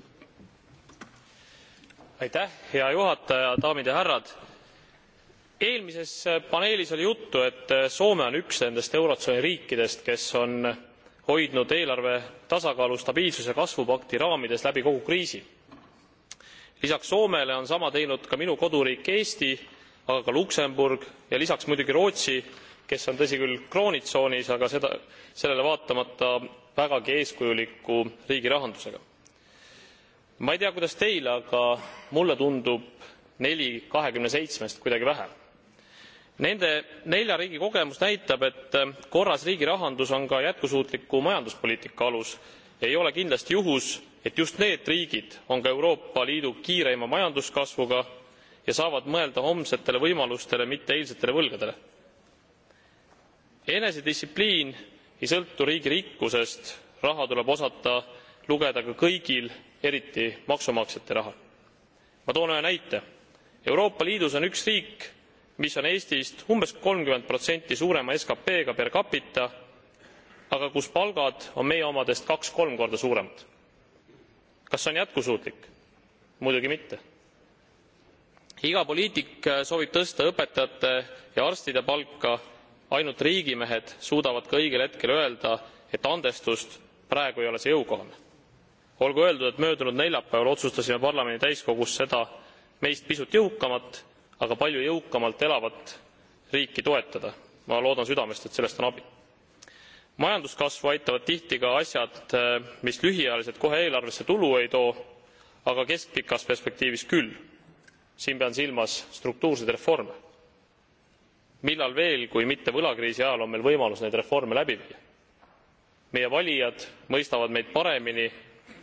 aitäh, hea juhataja, daamid ja härrad. eelmises paneelis oli juttu, et Soome on üks nendest eurotsooni riikidest, kes on hoidnud eelarve tasakaalu stabiilsuse kasvupakti raamides läbi kogu kriisi. lisaks Soomele on sama teinud ka minu koduriik Eesti, aga ka Luksemburg ja lisaks muidugi Rootsi kes on tõsi küll kroonitsoonis aga seda, sellele vaatamata vägagi eeskujuliku riigirahandusega. ma ei tea kuidas teile aga mulle tundub neli kahekümne seitsmest kuidagi vähe. nende nelja riigi kogemus näitab et korras riigirahandus on ka jätkusuutliku majanduspoliitika alus ei ole kindlasti juhus et just need riigid on ka euroopa liidu kiireima majanduskasvuga ja saavad mõelda homsetele võimalustele mitte eilsetele võlgadele enesedistsipliin ei sõltu riigi rikkusest raha tuleb osata lugeda ka kõigil eriti maksumaksjate rahal. ma toon ühe näite euroopa liidus on üks riik mis on eestist umbes kolmkümmend suurema skpga per capita aga kus palgad on meie omadest kaks kolm korda suuremad. kas see on jätkusuutlik? muidugi mitte. iga poliitik soovib tõsta õpetajate ja arstide palka ainult riigimehed suudavad ka õigel hetkel öelda et andestust praegu ei ole see jõukohane. olgu öeldud et möödunud neljapäeval otsustasime parlamendi täiskogus seda meist pisut jõukamat aga palju jõukamalt elavat riiki toetada. ma loodan südamest et sellest on abi. majanduskasvu aitavad tihti ka asjad mis lühiajaliselt kohe eelarvesse tulu ei too aga keskpikas perspektiivis küll. siin pean silmas struktuurseid reforme millal veel kui mitte võlakriisi ajal on meil võimalus neid reforme läbi viia meie valijad mõistavad meid paremini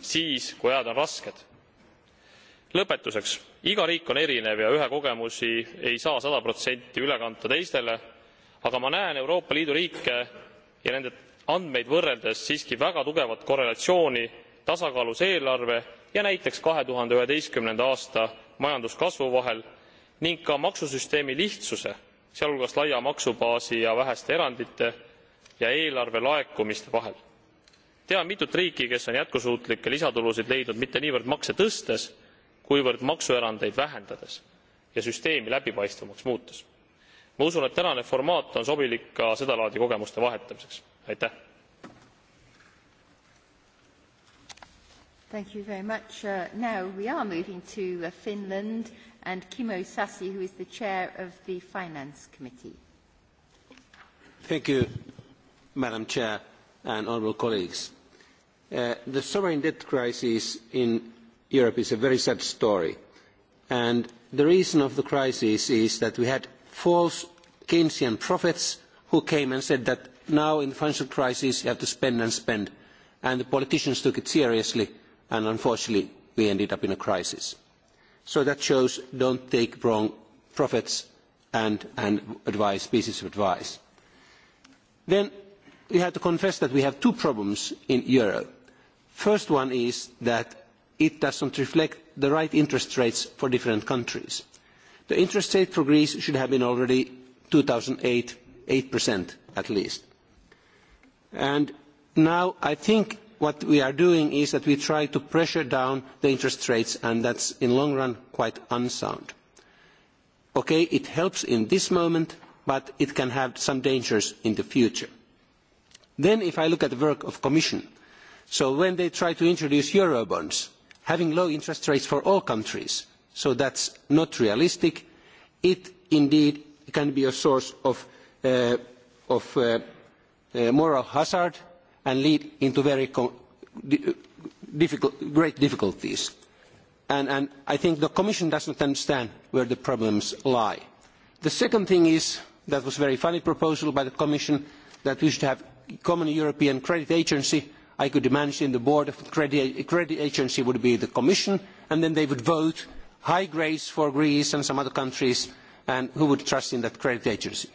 siis kui ajad on rasked lõpetuseks iga riik on erinev ja ühe kogemusi ei saa sada protsenti üle kanta teistele aga ma näen euroopa liidu riike ja nende andmeid võrreldes siiski väga tugevat korrelatsiooni tasakaalus eelarve ja näiteks 2011. aasta majanduskasvu vahel ning ka maksusüsteemi lihtsuse sealhulgas laia maksubaasi ja väheste erandite ja eelarve laekumiste vahel. tean mitut riiki kes on jätkusuutlikke lisatulusid leidnud mitte niivõrd makse tõstes kuivõrd maksuerandeid vähendades ja süsteemi läbipaistvamaks muutes. ma usun et tänane formaat on sobilik ka sedalaadi kogemuste vahetamiseks. aitäh! Thank you very much. Uh, now we are moving to uh, Finland and Kimo Sassi, who is the chair of the Finance Committee. Thank you, Madam Chair and honourable colleagues. Uh, the sovereign debt crisis in Europe is a very sad story. And the reason of the crisis is that we had false Keynesian prophets who came and said that now in the financial crisis you have to spend and spend. And the politicians took it seriously, and unfortunately we ended up in a crisis. So that shows don't take wrong profits and, and advice, pieces of advice. Then we have to confess that we have two problems in euro. First one is that it does not reflect the right interest rates for different countries. The interest rate for Greece should have been already two thousand eight 8% at least. And now I think what we are doing is that we try to pressure down the interest rates, and that is in the long run quite unsound. Okay, it helps in this moment, but it can have some dangers in the future. Then if I look at the work of the Commission, so when they try to introduce Eurobonds, having low interest rates for all countries, so that is not realistic, it indeed can be a source of, uh, of uh, uh, moral hazard and lead into very uh, difficult, great difficulties. And, and I think the Commission does not understand where the problems lie. The second thing is, that was a very funny proposal by the Commission, that we should have a common European credit agency. I could imagine the board of the credit, credit agency would be the Commission, and then they would vote high grades for Greece and some other countries, and who would trust in that credit agency?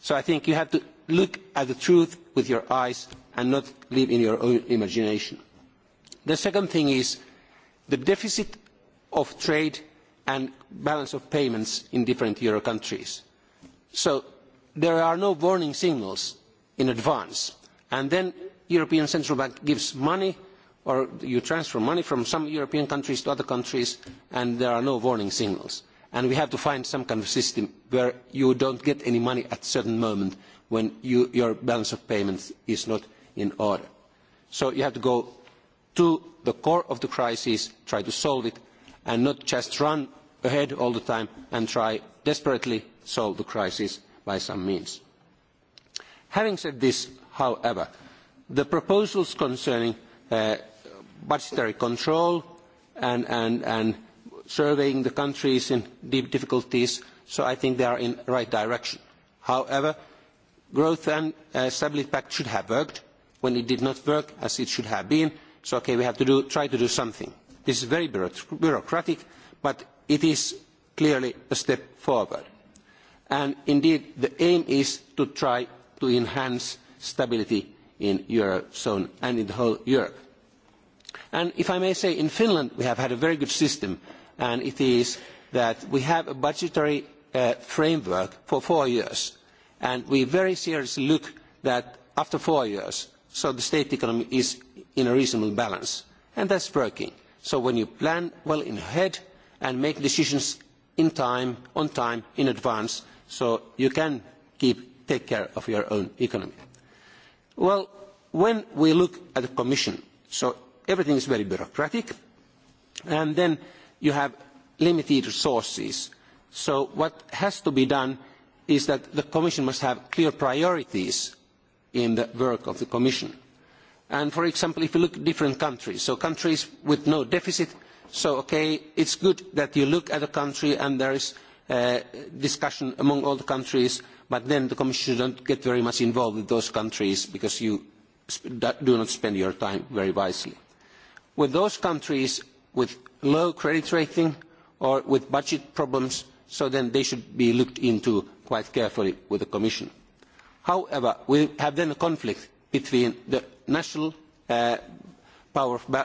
So I think you have to look at the truth with your eyes and not live in your own imagination. The second thing is the deficit of trade and balance of payments in different euro countries. So there are no warning signals in advance. And then the European Central Bank gives money or you transfer money from some European countries to other countries and there are no warning signals. And we have to find some kind of system where you do not get any money at a certain moment when you, your balance of payments is not in order. So you have to go to the core of the crisis, try to solve it, and not just run ahead all the time and try desperately to solve the crisis by some means. Having said this, however, the proposals concerning uh, budgetary control and, and, and surveying the countries in deep difficulties, so I think they are in the right direction. However, growth and uh, stability pact should have worked, when it did not work as it should have been. So, okay, we have to do, try to do something. This is very bureaucratic, but it is clearly a step forward. And indeed, the aim is to try to enhance stability in Eurozone and in the whole Europe. And if I may say, in Finland we have had a very good system, and it is that we have a budgetary uh, framework for four years, and we very seriously look that after four years, so the state economy is in a reasonable balance. And that's working. So when you plan well in ahead and make decisions in time, on time, in advance, so you can keep, take care of your own economy. Well, when we look at the Commission, so everything is very bureaucratic, and then you have limited resources. So what has to be done is that the Commission must have clear priorities in the work of the Commission. And for example, if you look at different countries, so countries with no deficit, so okay, it's good that you look at a country and there is uh, discussion among all the countries, but then the Commission don't get very much involved with those countries because you do not spend your time very wisely. With those countries with low credit rating or with budget problems, so then they should be looked into quite carefully with the Commission. However, we have then a conflict between the national uh, power of ba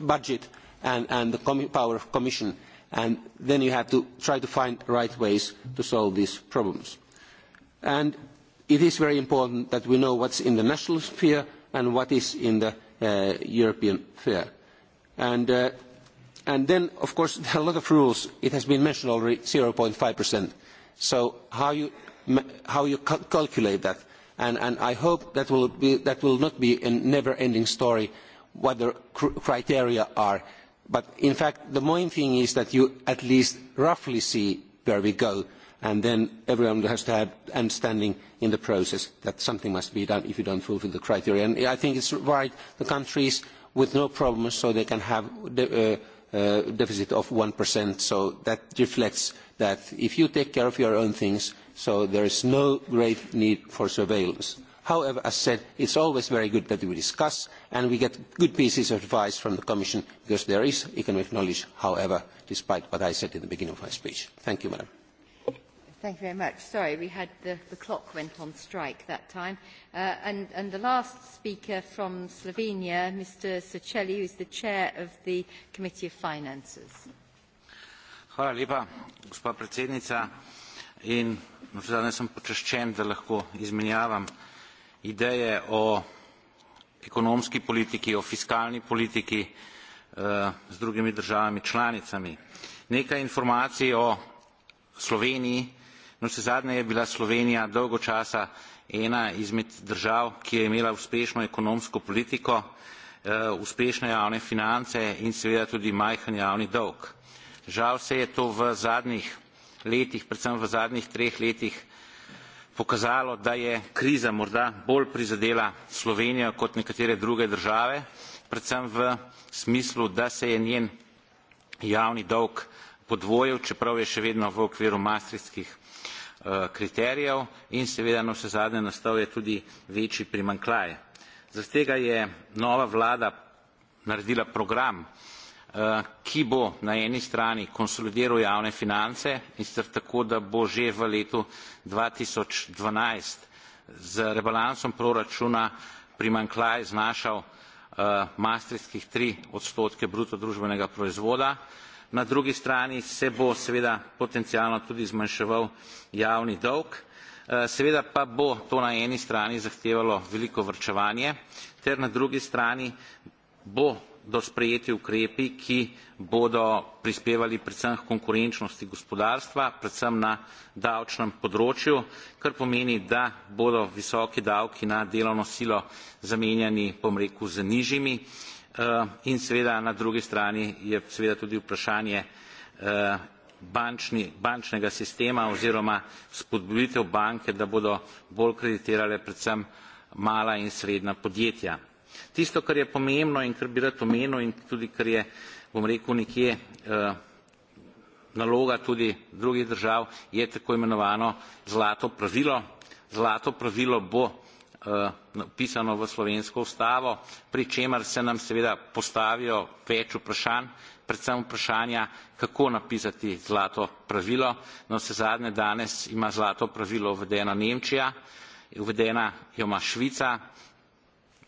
budget and, and the power of commission, and then you have to try to find right ways to solve these problems. And it is very important that we know what is in the national sphere and what is in the uh, European sphere. And, uh, and then, of course, there are a lot of rules. It has been mentioned already, 0.5%. So how you how you calculate that. And, and I hope that will, be, that will not be a never-ending story what the cr criteria are. But in fact, the main thing is that you at least roughly see where we go, and then everyone has to have understanding in the process that something must be done if you don't fulfill the criteria. And I think it's right the countries with no problems, so they can have de uh, uh, deficit of 1%, so that reflects that if you take care of your own things, So there is no great need for surveillance. However, as said, it is always very good that we discuss and we get good pieces of advice from the Commission because there is economic knowledge, however, despite what I said in the beginning of my speech. Thank you, Madam. Thank you very much. Sorry, we had the, the clock went on strike that time. Uh, and, and the last speaker from Slovenia, Mr. Socelli, who is the chair of the Committee of Finances. Hvala lepa, gospa predsednica in morda sem počaščen, da lahko izmenjavam ideje o ekonomski politiki, o fiskalni politiki eh, z drugimi državami članicami. Nekaj informacij o Sloveniji. No, se zadnje je bila Slovenija dolgo časa ena izmed držav, ki je imela uspešno ekonomsko politiko, eh, uspešne javne finance in seveda tudi majhen javni dolg. Žal se je to v zadnjih letih, predvsem v zadnjih treh letih, pokazalo, da je kriza morda bolj prizadela Slovenijo kot nekatere druge države, predvsem v smislu, da se je njen javni dolg podvojil, čeprav je še vedno v okviru maastrichtskih eh, kriterijev in seveda na vse zadnje nastal je tudi večji primankljaj. Zaradi tega je nova vlada naredila program Eh, ki bo na eni strani konsolidiral javne finance in sicer tako, da bo že v letu 2012 z rebalansom proračuna primankljaj znašal eh, maastrichtskih tri odstotke bruto družbenega proizvoda. Na drugi strani se bo seveda potencialno tudi zmanjševal javni dolg. Eh, seveda pa bo to na eni strani zahtevalo veliko vrčevanje, ter na drugi strani bo do sprejeti ukrepi, ki bodo prispevali predvsem k konkurenčnosti gospodarstva, predvsem na davčnem področju, kar pomeni, da bodo visoki davki na delovno silo zamenjani, bom rekel, z nižjimi eh, in seveda na drugi strani je seveda tudi vprašanje eh, bančni, bančnega sistema oziroma spodbuditev banke, da bodo bolj kreditirale predvsem mala in srednja podjetja. Tisto, kar je pomembno in kar bi rad omenil in tudi kar je, bom rekel, nekje eh, naloga tudi drugih držav, je tako imenovano zlato pravilo. Zlato pravilo bo napisano eh, v slovensko ustavo, pri čemer se nam seveda postavijo več vprašanj, predvsem vprašanja, kako napisati zlato pravilo. No, se zadnje danes ima zlato pravilo uvedena Nemčija, uvedena jo ima Švica,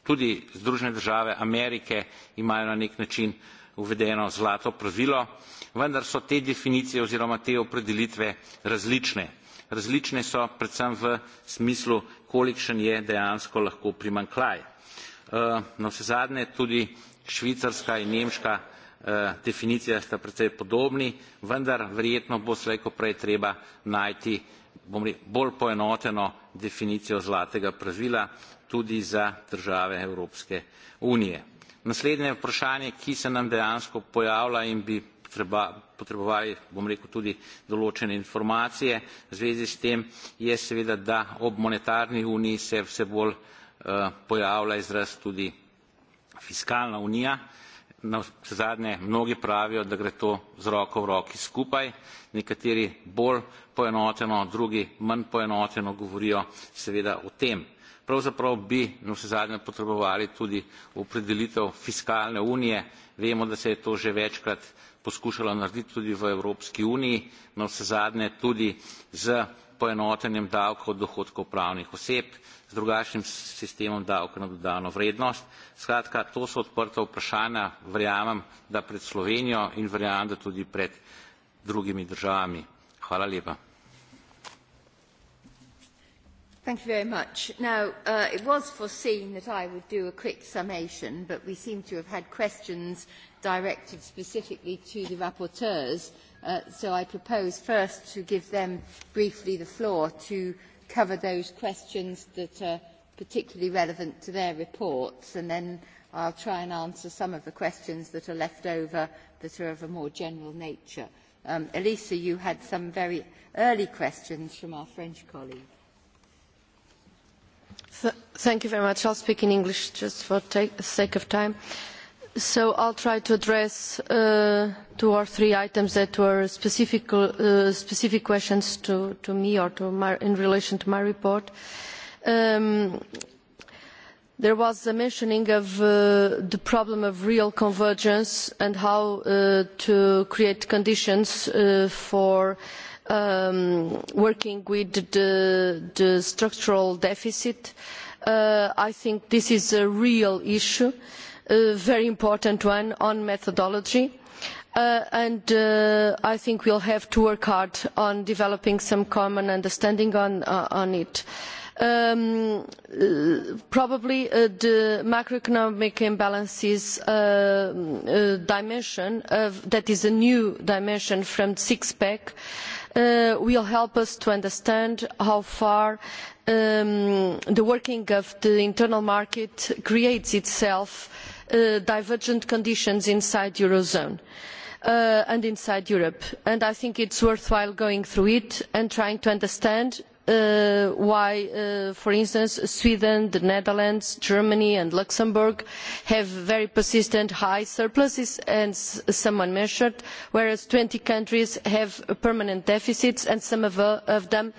Tudi Združene države Amerike imajo na nek način uvedeno zlato pravilo, vendar so te definicije oziroma te opredelitve različne. Različne so predvsem v smislu, kolikšen je dejansko lahko primankljaj. Eh, na vse zadnje tudi švicarska in nemška eh, definicija sta precej podobni, vendar verjetno bo slej ko prej treba najti bom rekel, bolj poenoteno definicijo zlatega pravila tudi za države Evropske unije. Naslednje vprašanje, ki se nam dejansko pojavlja in bi treba, potrebovali, bom rekel, tudi določene informacije v zvezi s tem, je seveda, da ob monetarni uniji se vse bolj uh, pojavlja izraz tudi fiskalna unija. Uh, vse zadnje mnogi pravijo, da gre to z roko v roki skupaj, nekateri bolj poenoteno, drugi manj poenoteno govorijo seveda o tem. Pravzaprav bi na vse zadnje potrebovali tudi opredelitev fiskalne unije, vemo, da se je to že večkrat poskušalo narediti tudi v Evropski uniji, na vse zadnje tudi z poenotenjem davka od dohodkov pravnih oseb, z drugačnim sistemom davka na dodano vrednost. Skratka, to so odprta vprašanja, verjamem, da pred Slovenijo in verjamem, da tudi pred drugimi državami. Hvala lepa. Thank you very much. Now, uh, it was foreseen that I would do a quick summation, but we seem to have had questions directed specifically to the rapporteurs Uh, so I propose first to give them briefly the floor to cover those questions that are particularly relevant to their reports, and then I'll try and answer some of the questions that are left over that are of a more general nature. Um, Elisa, you had some very early questions from our French colleague. Th thank you very much. I'll speak in English just for the sake of time. Uh, So I'll try to address uh, two or three items that were specific, uh, specific questions to, to me or to my, in relation to my report. Um, there was a mentioning of uh, the problem of real convergence and how uh, to create conditions uh, for um, working with the, the structural deficit. Uh, I think this is a real issue a very important one on methodology. Uh, and uh, I think we will have to work hard on developing some common understanding on, uh, on it. Um, probably uh, the macroeconomic imbalances uh, uh, dimension of, that is a new dimension from the six pack will help us to understand how far um, the working of the internal market creates itself uh, divergent conditions inside the Eurozone. Uh, and inside Europe. And I think it is worthwhile going through it and trying to understand uh, why, uh, for instance, Sweden, the Netherlands, Germany and Luxembourg have very persistent high surpluses, and someone measured, whereas twenty countries have permanent deficits and some of, uh, of them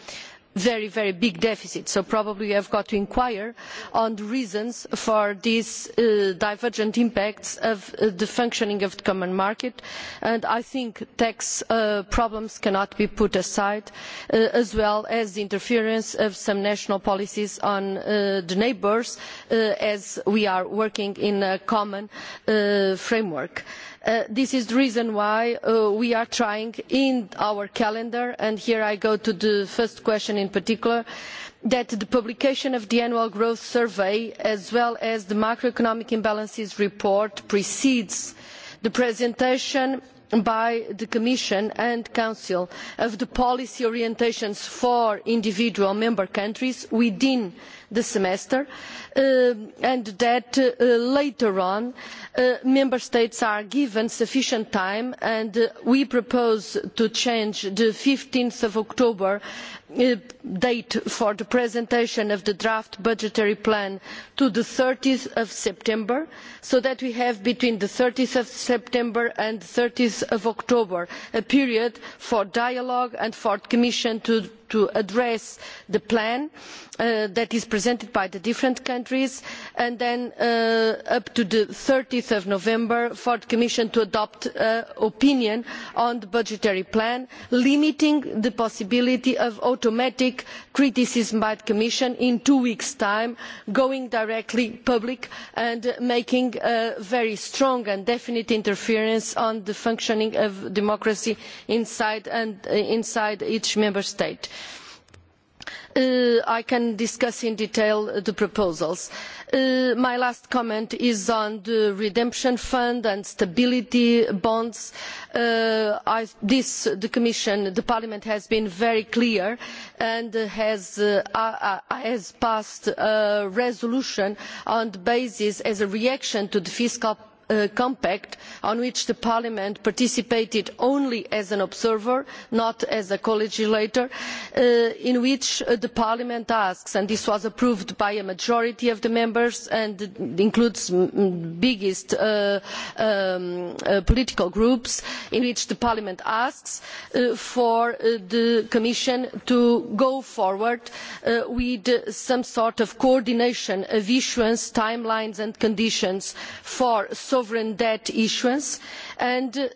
very, very big deficit. So probably you have got to inquire on the reasons for these uh, divergent impacts of uh, the functioning of the common market. And I think tax uh, problems cannot be put aside, uh, as well as the interference of some national policies on uh, the neighbours uh, as we are working in a common framework. Uh, Uh, this is the reason why uh, we are trying in our calendar, and here I go to the first question in particular, that the publication of the annual growth survey as well as the macroeconomic imbalances report precedes the presentation by the Commission and Council of the policy orientations for individual member countries within the semester uh, and that uh, later on uh, member states are given sufficient time and we propose to change the 15th of October Uh, date for the presentation of the draft budgetary plan to thirty september so that we have between thirty september and thirty october a period for dialogue and for the commission to, address the plan uh, that is presented by the different countries and then uh, up to thirty november for the commission to adopt an opinion on the budgetary plan limiting the possibility of automatic criticism by the commission in two weeks' time going directly public and making a very strong and definite interference on the functioning of democracy inside, and, uh, inside each member state. Uh, I can discuss in detail the proposals. Uh, Uh, my last comment is on the redemption fund and stability bonds. Uh, I, this, the Commission, the Parliament has been very clear and has, uh, has passed a resolution on the basis as a reaction to the fiscal Uh, compact on which parliament participated only as an observer not as a co legislator, uh, in which uh, parliament asks and this was approved by a majority of the members and includes the biggest um, political groups in which parliament asks for the commission to go forward with some sort of coordination of issuance timelines and conditions for sovereign debt issuance and, uh,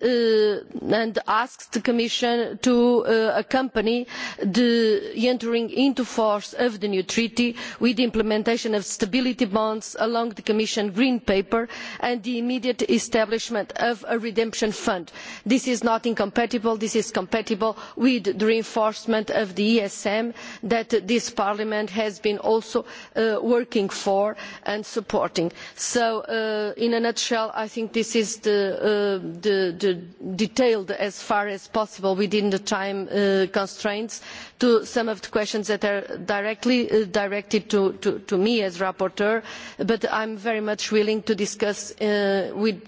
and asks the Commission to uh, accompany the entering into force of the new treaty with the implementation of stability bonds along the Commission Green Paper and the immediate establishment of a redemption fund. This is not incompatible, this is compatible with the reinforcement of the ESM that this Parliament has been also uh, working for and supporting. So uh, in a nutshell, I think this is the, uh, the, detailed as far as possible within the time uh, constraints to some of the questions that are directly uh, directed to, to, to me as rapporteur, but I am very much willing to discuss uh, with,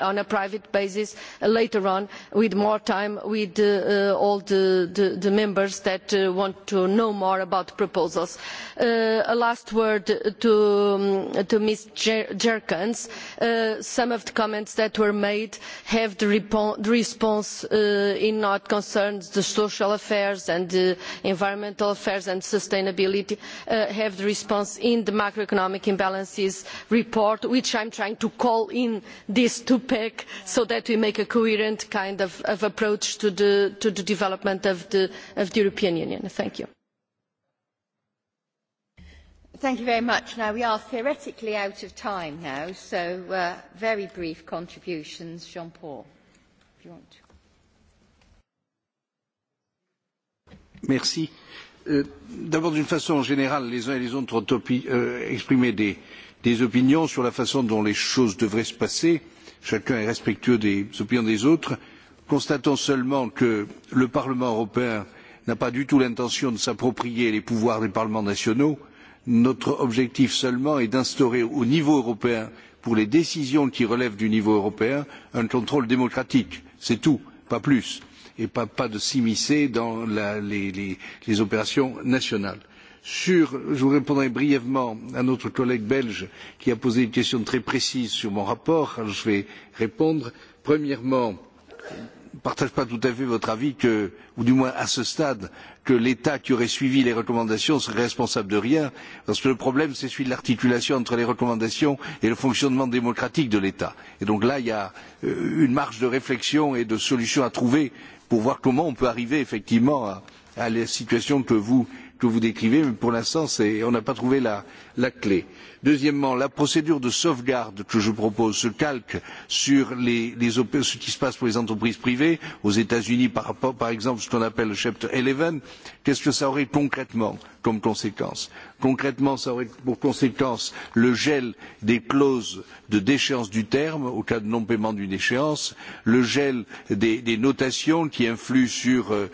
on a private basis later on with more time with all the, the, the members that want to know more about proposals. a last word to, um, to Ms. Jerkins. Uh, some of the comments that were made have the, the response uh, in what concerns the social affairs and the uh, environmental affairs and sustainability, uh, have the response in the macroeconomic imbalances report, which I am trying to call in this two-pack so that we make a coherent kind of, of approach to the, to the development of the, of the European Union. Thank you. Thank you very much. Now, we are theoretically out of time now, so uh, very brief contributions. Jean-Paul, if you want to. Merci. Euh, D'abord, d'une façon générale, les uns et les autres ont euh, exprimé des, des opinions sur la façon dont les choses devraient se passer. Chacun est respectueux des opinions des autres. Constatons seulement que le Parlement européen n'a pas du tout l'intention de s'approprier les pouvoirs des parlements nationaux. Euh, Notre objectif seulement est d'instaurer au niveau européen, pour les décisions qui relèvent du niveau européen, un contrôle démocratique. C'est tout, pas plus. Et pas, pas de s'immiscer dans la, les, les, les opérations nationales. Sur, je vous répondrai brièvement à notre collègue belge qui a posé une question très précise sur mon rapport. Alors je vais répondre. Premièrement, ne partage pas tout à fait votre avis que, ou du moins à ce stade, que l'État qui aurait suivi les recommandations serait responsable de rien, parce que le problème, c'est celui de l'articulation entre les recommandations et le fonctionnement démocratique de l'État. Et donc là, il y a euh, une marge de réflexion et de solution à trouver pour voir comment on peut arriver effectivement à, à la situation que vous que vous décrivez, mais pour l'instant, on n'a pas trouvé la, la, clé. Deuxièmement, la procédure de sauvegarde que je propose se calque sur les, les, ce qui se passe pour les entreprises privées aux États-Unis par rapport, par exemple, ce qu'on appelle le chapter 11. Qu'est-ce que ça aurait concrètement comme conséquence. Concrètement, cela aurait pour conséquence le gel des clauses de déchéance du terme au cas de non-paiement d'une échéance, le gel des, des, notations qui influent sur euh,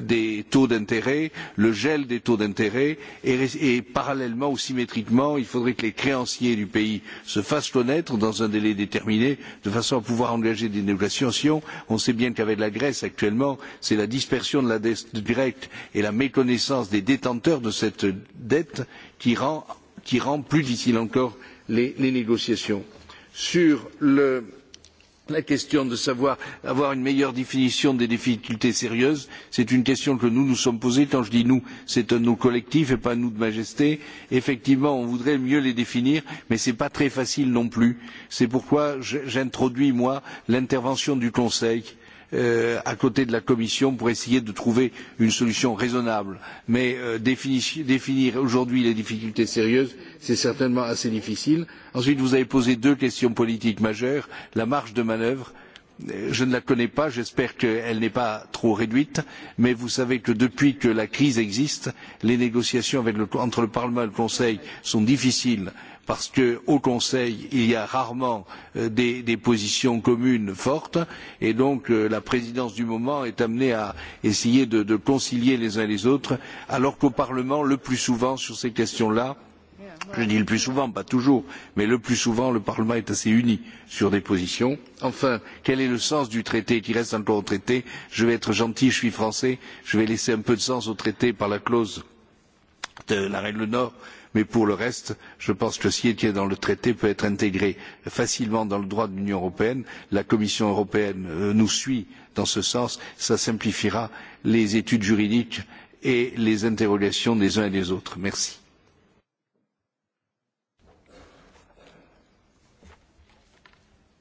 des taux d'intérêt, le gel des taux d'intérêt et, et, parallèlement ou symétriquement, il faudrait que les créanciers du pays se fassent connaître dans un délai déterminé de façon à pouvoir engager des négociations. On sait bien qu'avec la Grèce actuellement, c'est la dispersion de la dette grecque et la méconnaissance des détenteurs de cette dette qui rend, qui rend plus difficile encore les, les négociations. Sur le, la question de savoir avoir une meilleure définition des difficultés sérieuses, c'est une question que nous nous sommes posée. Quand je dis nous, c'est un nous collectif et pas un nous de majesté. Effectivement, on voudrait mieux les définir, mais ce n'est pas très facile non plus. C'est pourquoi j'introduis, moi, l'intervention du Conseil euh, euh, à côté de la Commission pour essayer de trouver une solution raisonnable. Mais euh, définir, définir aujourd'hui les difficultés sérieuses, c'est certainement assez difficile. Ensuite, vous avez posé deux questions politiques majeures, la marge de manœuvre je ne la connais pas, j'espère qu'elle n'est pas trop réduite, mais vous savez que depuis que la crise existe, les négociations avec le, entre le Parlement et le Conseil sont difficiles parce qu'au Conseil, il y a rarement euh, des, des, positions communes fortes, et donc euh, la présidence du moment est amenée à essayer de, de concilier les uns et les autres, alors qu'au Parlement, le plus souvent, sur ces questions-là, Je dis le plus souvent, pas toujours, mais le plus souvent, le Parlement est assez uni sur des positions. Enfin, quel est le sens du traité qui reste encore au traité Je vais être gentil, je suis français, je vais laisser un peu de sens au traité par la clause de la règle Nord, mais pour le reste, je pense que ce qui est dans le traité peut être intégré facilement dans le droit de l'Union européenne. La Commission européenne euh, nous suit dans ce sens, cela simplifiera les études juridiques et les interrogations des uns et des autres. Merci.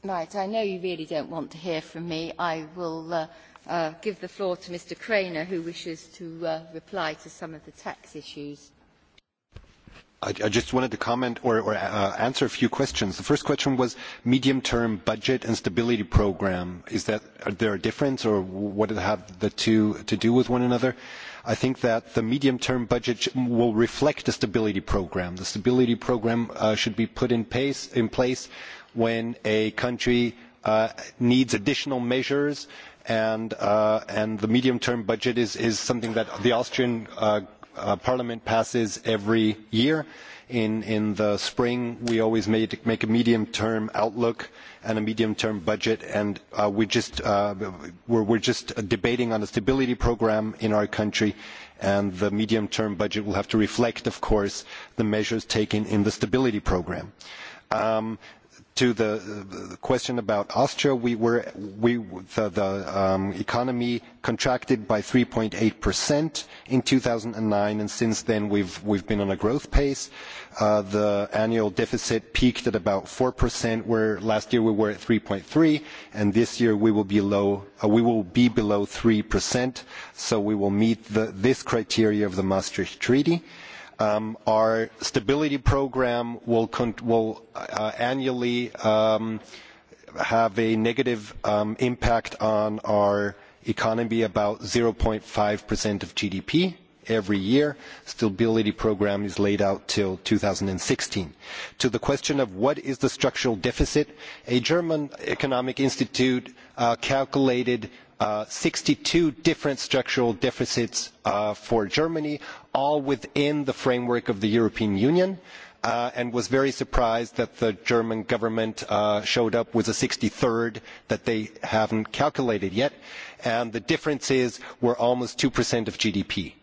Right, I know you really don't want to hear from me. I will uh, uh, give the floor to Mr. Craner, who wishes to uh, reply to some of the tax issues. I, I just wanted to comment or, or uh, answer a few questions. The first question was medium-term budget and stability program. Is that are there a difference, or what do they have the two to do with one another? I think that the medium-term budget will reflect the stability program. The stability program uh, should be put in, pace, in place when a country uh, needs additional measures and, uh, and the medium-term budget is, is something that the Austrian uh, uh, parliament passes every year. In, in the spring, we always made, make a medium-term outlook and a medium-term budget, and uh, we just, uh, we're, we're just debating on a stability program in our country, and the medium-term budget will have to reflect, of course, the measures taken in the stability program. Um, to the question about Austria, we were we the, the um, economy contracted by 3.8% in 2009, and since then we've we've been on a growth pace. Uh, the annual deficit peaked at about 4%, where last year we were at 3.3, and this year we will be low. Uh, we will be below 3%, so we will meet the, this criteria of the Maastricht Treaty. Uh, Um, our stability program will, will uh, annually um, have a negative um, impact on our economy about 0.5% of GDP every year. Stability program is laid out till 2016. To the question of what is the structural deficit, a German economic institute uh, calculated Uh, sixty two different structural deficits uh, for Germany, all within the framework of the European Union. Uh, and was very surprised that the German government uh, showed up with a sixty third that they haven't calculated yet. And the differences were almost 2% of GDP.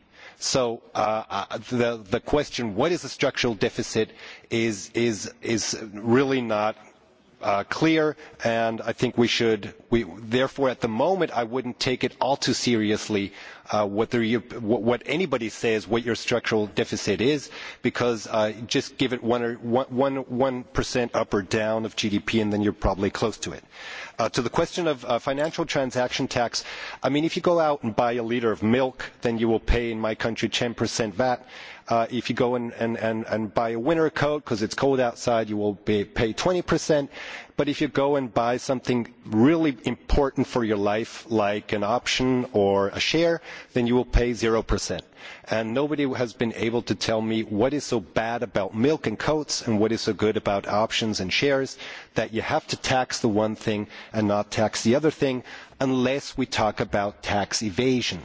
So uh, uh, the, the question, what is a structural deficit, is, is, is really not Uh, clear, and I think we should. We, therefore, at the moment, I wouldn't take it all too seriously uh, what, you, what, what anybody says what your structural deficit is, because uh, just give it one or one, one, one percent up or down of GDP, and then you're probably close to it. Uh, Uh, to the question of uh, financial transaction tax, I mean, if you go out and buy a liter of milk, then you will pay in my country 10% VAT. Uh, if you go and, and, and, and buy a winter coat because it's cold outside, you will be, pay 20%. But if you go and buy something really important for your life, like an option or a share, then you will pay 0% and nobody has been able to tell me what is so bad about milk and coats and what is so good about options and shares that you have to tax the one thing and not tax the other thing unless we talk about tax evasion.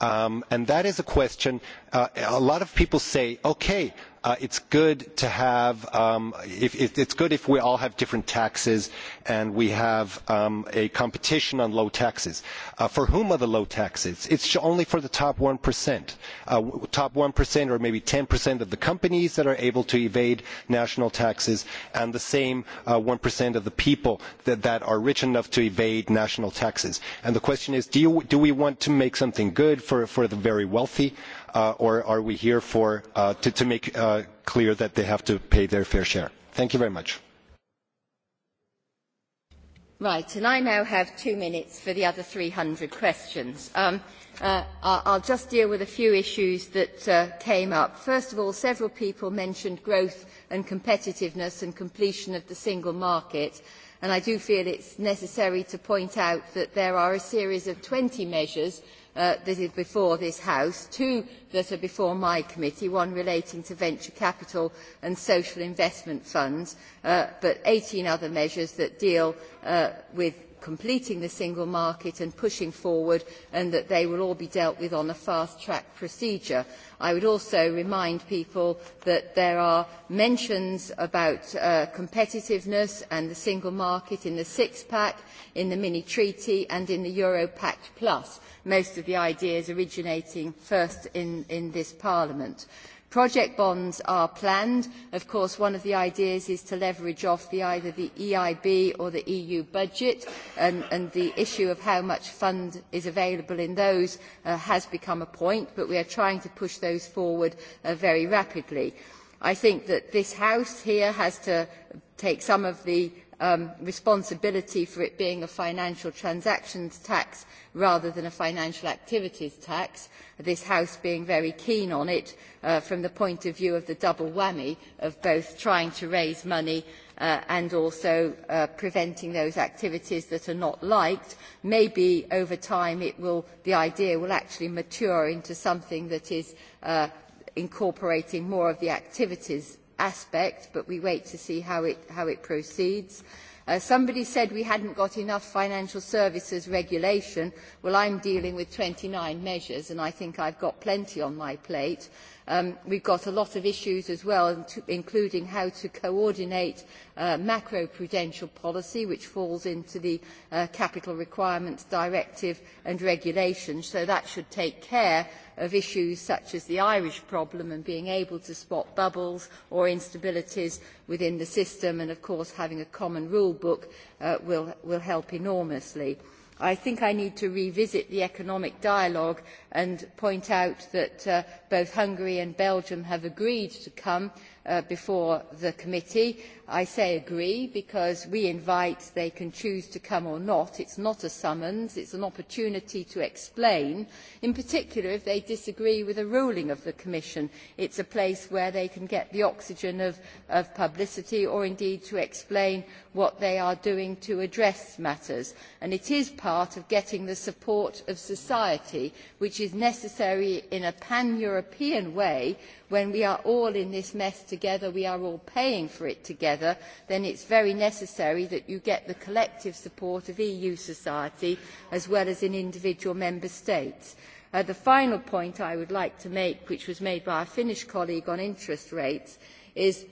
Um, and that is a question. Uh, a lot of people say, okay, uh, it's good to have, um, if, it, it's good if we all have different taxes and we have um, a competition on low taxes. Uh, for whom are the low taxes? It's only for the top 1%, uh, top 1% or maybe 10% of the companies that are able to evade national taxes and the same uh, 1% of the people that, that are rich enough to evade national taxes. And the question is, do, you, do we want to make something good for, for the very wealthy? uh, or are we here for, uh, to, to make uh, clear that they have to pay their fair share? Thank you very much. Right, and I now have two minutes for the other 300 questions. Um, uh, I'll just deal with a few issues that uh, came up. First of all, several people mentioned growth and competitiveness and completion of the single market and I do feel it's necessary to point out that there are a series of 20 measures uh, that is before this House, two that are before my committee, one relating to venture capital and social investment funds, uh, but 18 other measures that deal uh, with completing the single market and pushing forward and that they will all be dealt with on a fast track procedure. I would also remind people that there are mentions about uh, competitiveness and the single market in the six pack, in the mini treaty and in the Euro Pact Plus, most of the ideas originating first in, in this parliament. Project bonds are planned. Of course, one of the ideas is to leverage off the, either the EIB or the EU budget, and, and the issue of how much fund is available in those uh, has become a point, but we are trying to push those forward uh, very rapidly. I think that this House here has to take some of the um, responsibility for it being a financial transactions tax rather than a financial activities tax, this House being very keen on it uh, from the point of view of the double whammy of both trying to raise money uh, and also uh, preventing those activities that are not liked. Maybe over time it will, the idea will actually mature into something that is uh, incorporating more of the activities aspect, but we wait to see how it, how it proceeds. Uh, somebody said we hadn't got enough financial services regulation. Well, I'm dealing with 29 measures, and I think I've got plenty on my plate. Um, we've got a lot of issues as well, including how to coordinate uh, macro-prudential policy, which falls into the uh, Capital Requirements Directive and regulation. So that should take care of issues such as the Irish problem and being able to spot bubbles or instabilities within the system. And of course, having a common rule book uh, will, will help enormously. I think I need to revisit the economic dialogue and point out that uh, both Hungary and Belgium have agreed to come Uh, before the committee. I say agree because we invite, they can choose to come or not. It's not a summons, it's an opportunity to explain. In particular, if they disagree with a ruling of the Commission, it's a place where they can get the oxygen of, of publicity or indeed to explain what they are doing to address matters. And it is part of getting the support of society, which is necessary in a pan-European way when we are all in this mess together, we are all paying for it together, then it is very necessary that you get the collective support of EU society as well as in individual member states. Uh, the final point I would like to make, which was made by a Finnish colleague on interest rates, is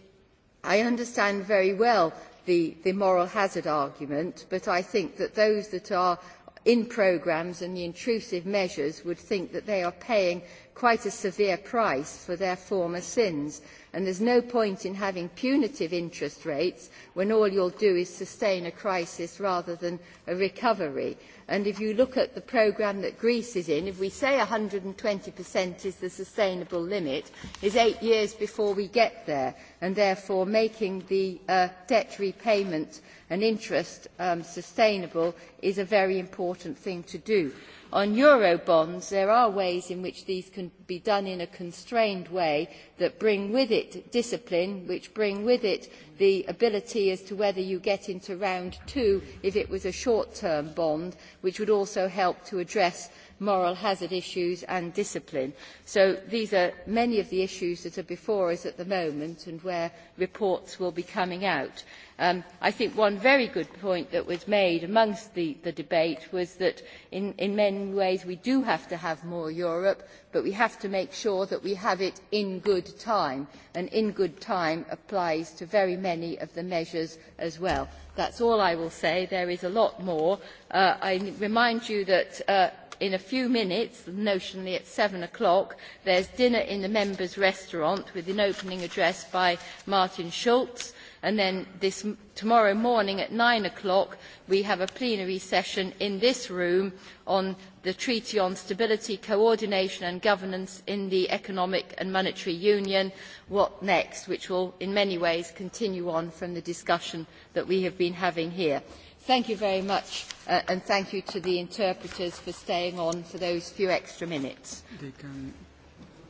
I understand very well the, the moral hazard argument, but I think that those that are in programmes and the intrusive measures would think that they are paying quite a severe price for their former sins, and there is no point in having punitive interest rates when all you will do is sustain a crisis rather than a recovery. And if you look at the programme that Greece is in, if we say one hundred and 120% is the sustainable limit, is eight years before we get there, and therefore making the uh, debt repayment and interest um, sustainable is a very important thing to do. On Eurobonds, there are ways in which these can be done in a constrained way that bring with it discipline, which bring with it the ability as to whether you get into round two if it was a short-term bond, which would also help to address moral hazard issues and discipline. So these are many of the issues that are before us at the moment and where reports will be coming out. Um, I think one very good point that was made amongst the, the debate was that in, in many ways we do have to have more Europe, but we have to make sure that we have it in good time. And in good time applies to very many of the measures as well. That's all I will say. There is a lot more. Uh, I remind you that uh, in a few minutes, notionally at seven o'clock, there's dinner in the members' restaurant with an opening address by Martin Schulz. And then this, tomorrow morning at nine o'clock, we have a plenary session in this room on the Treaty on Stability, Coordination and Governance in the Economic and Monetary Union, What Next, which will in many ways continue on from the discussion that we have been having here. Thank you very much, uh, and thank you to the interpreters for staying on for those few extra minutes. They can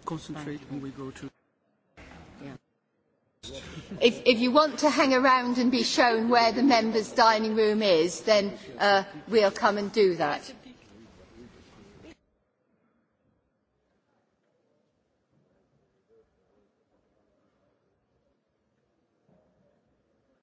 concentrate when we go to... Yeah. if, if you want to hang around and be shown where the members' dining room is, then uh, we'll come and do that.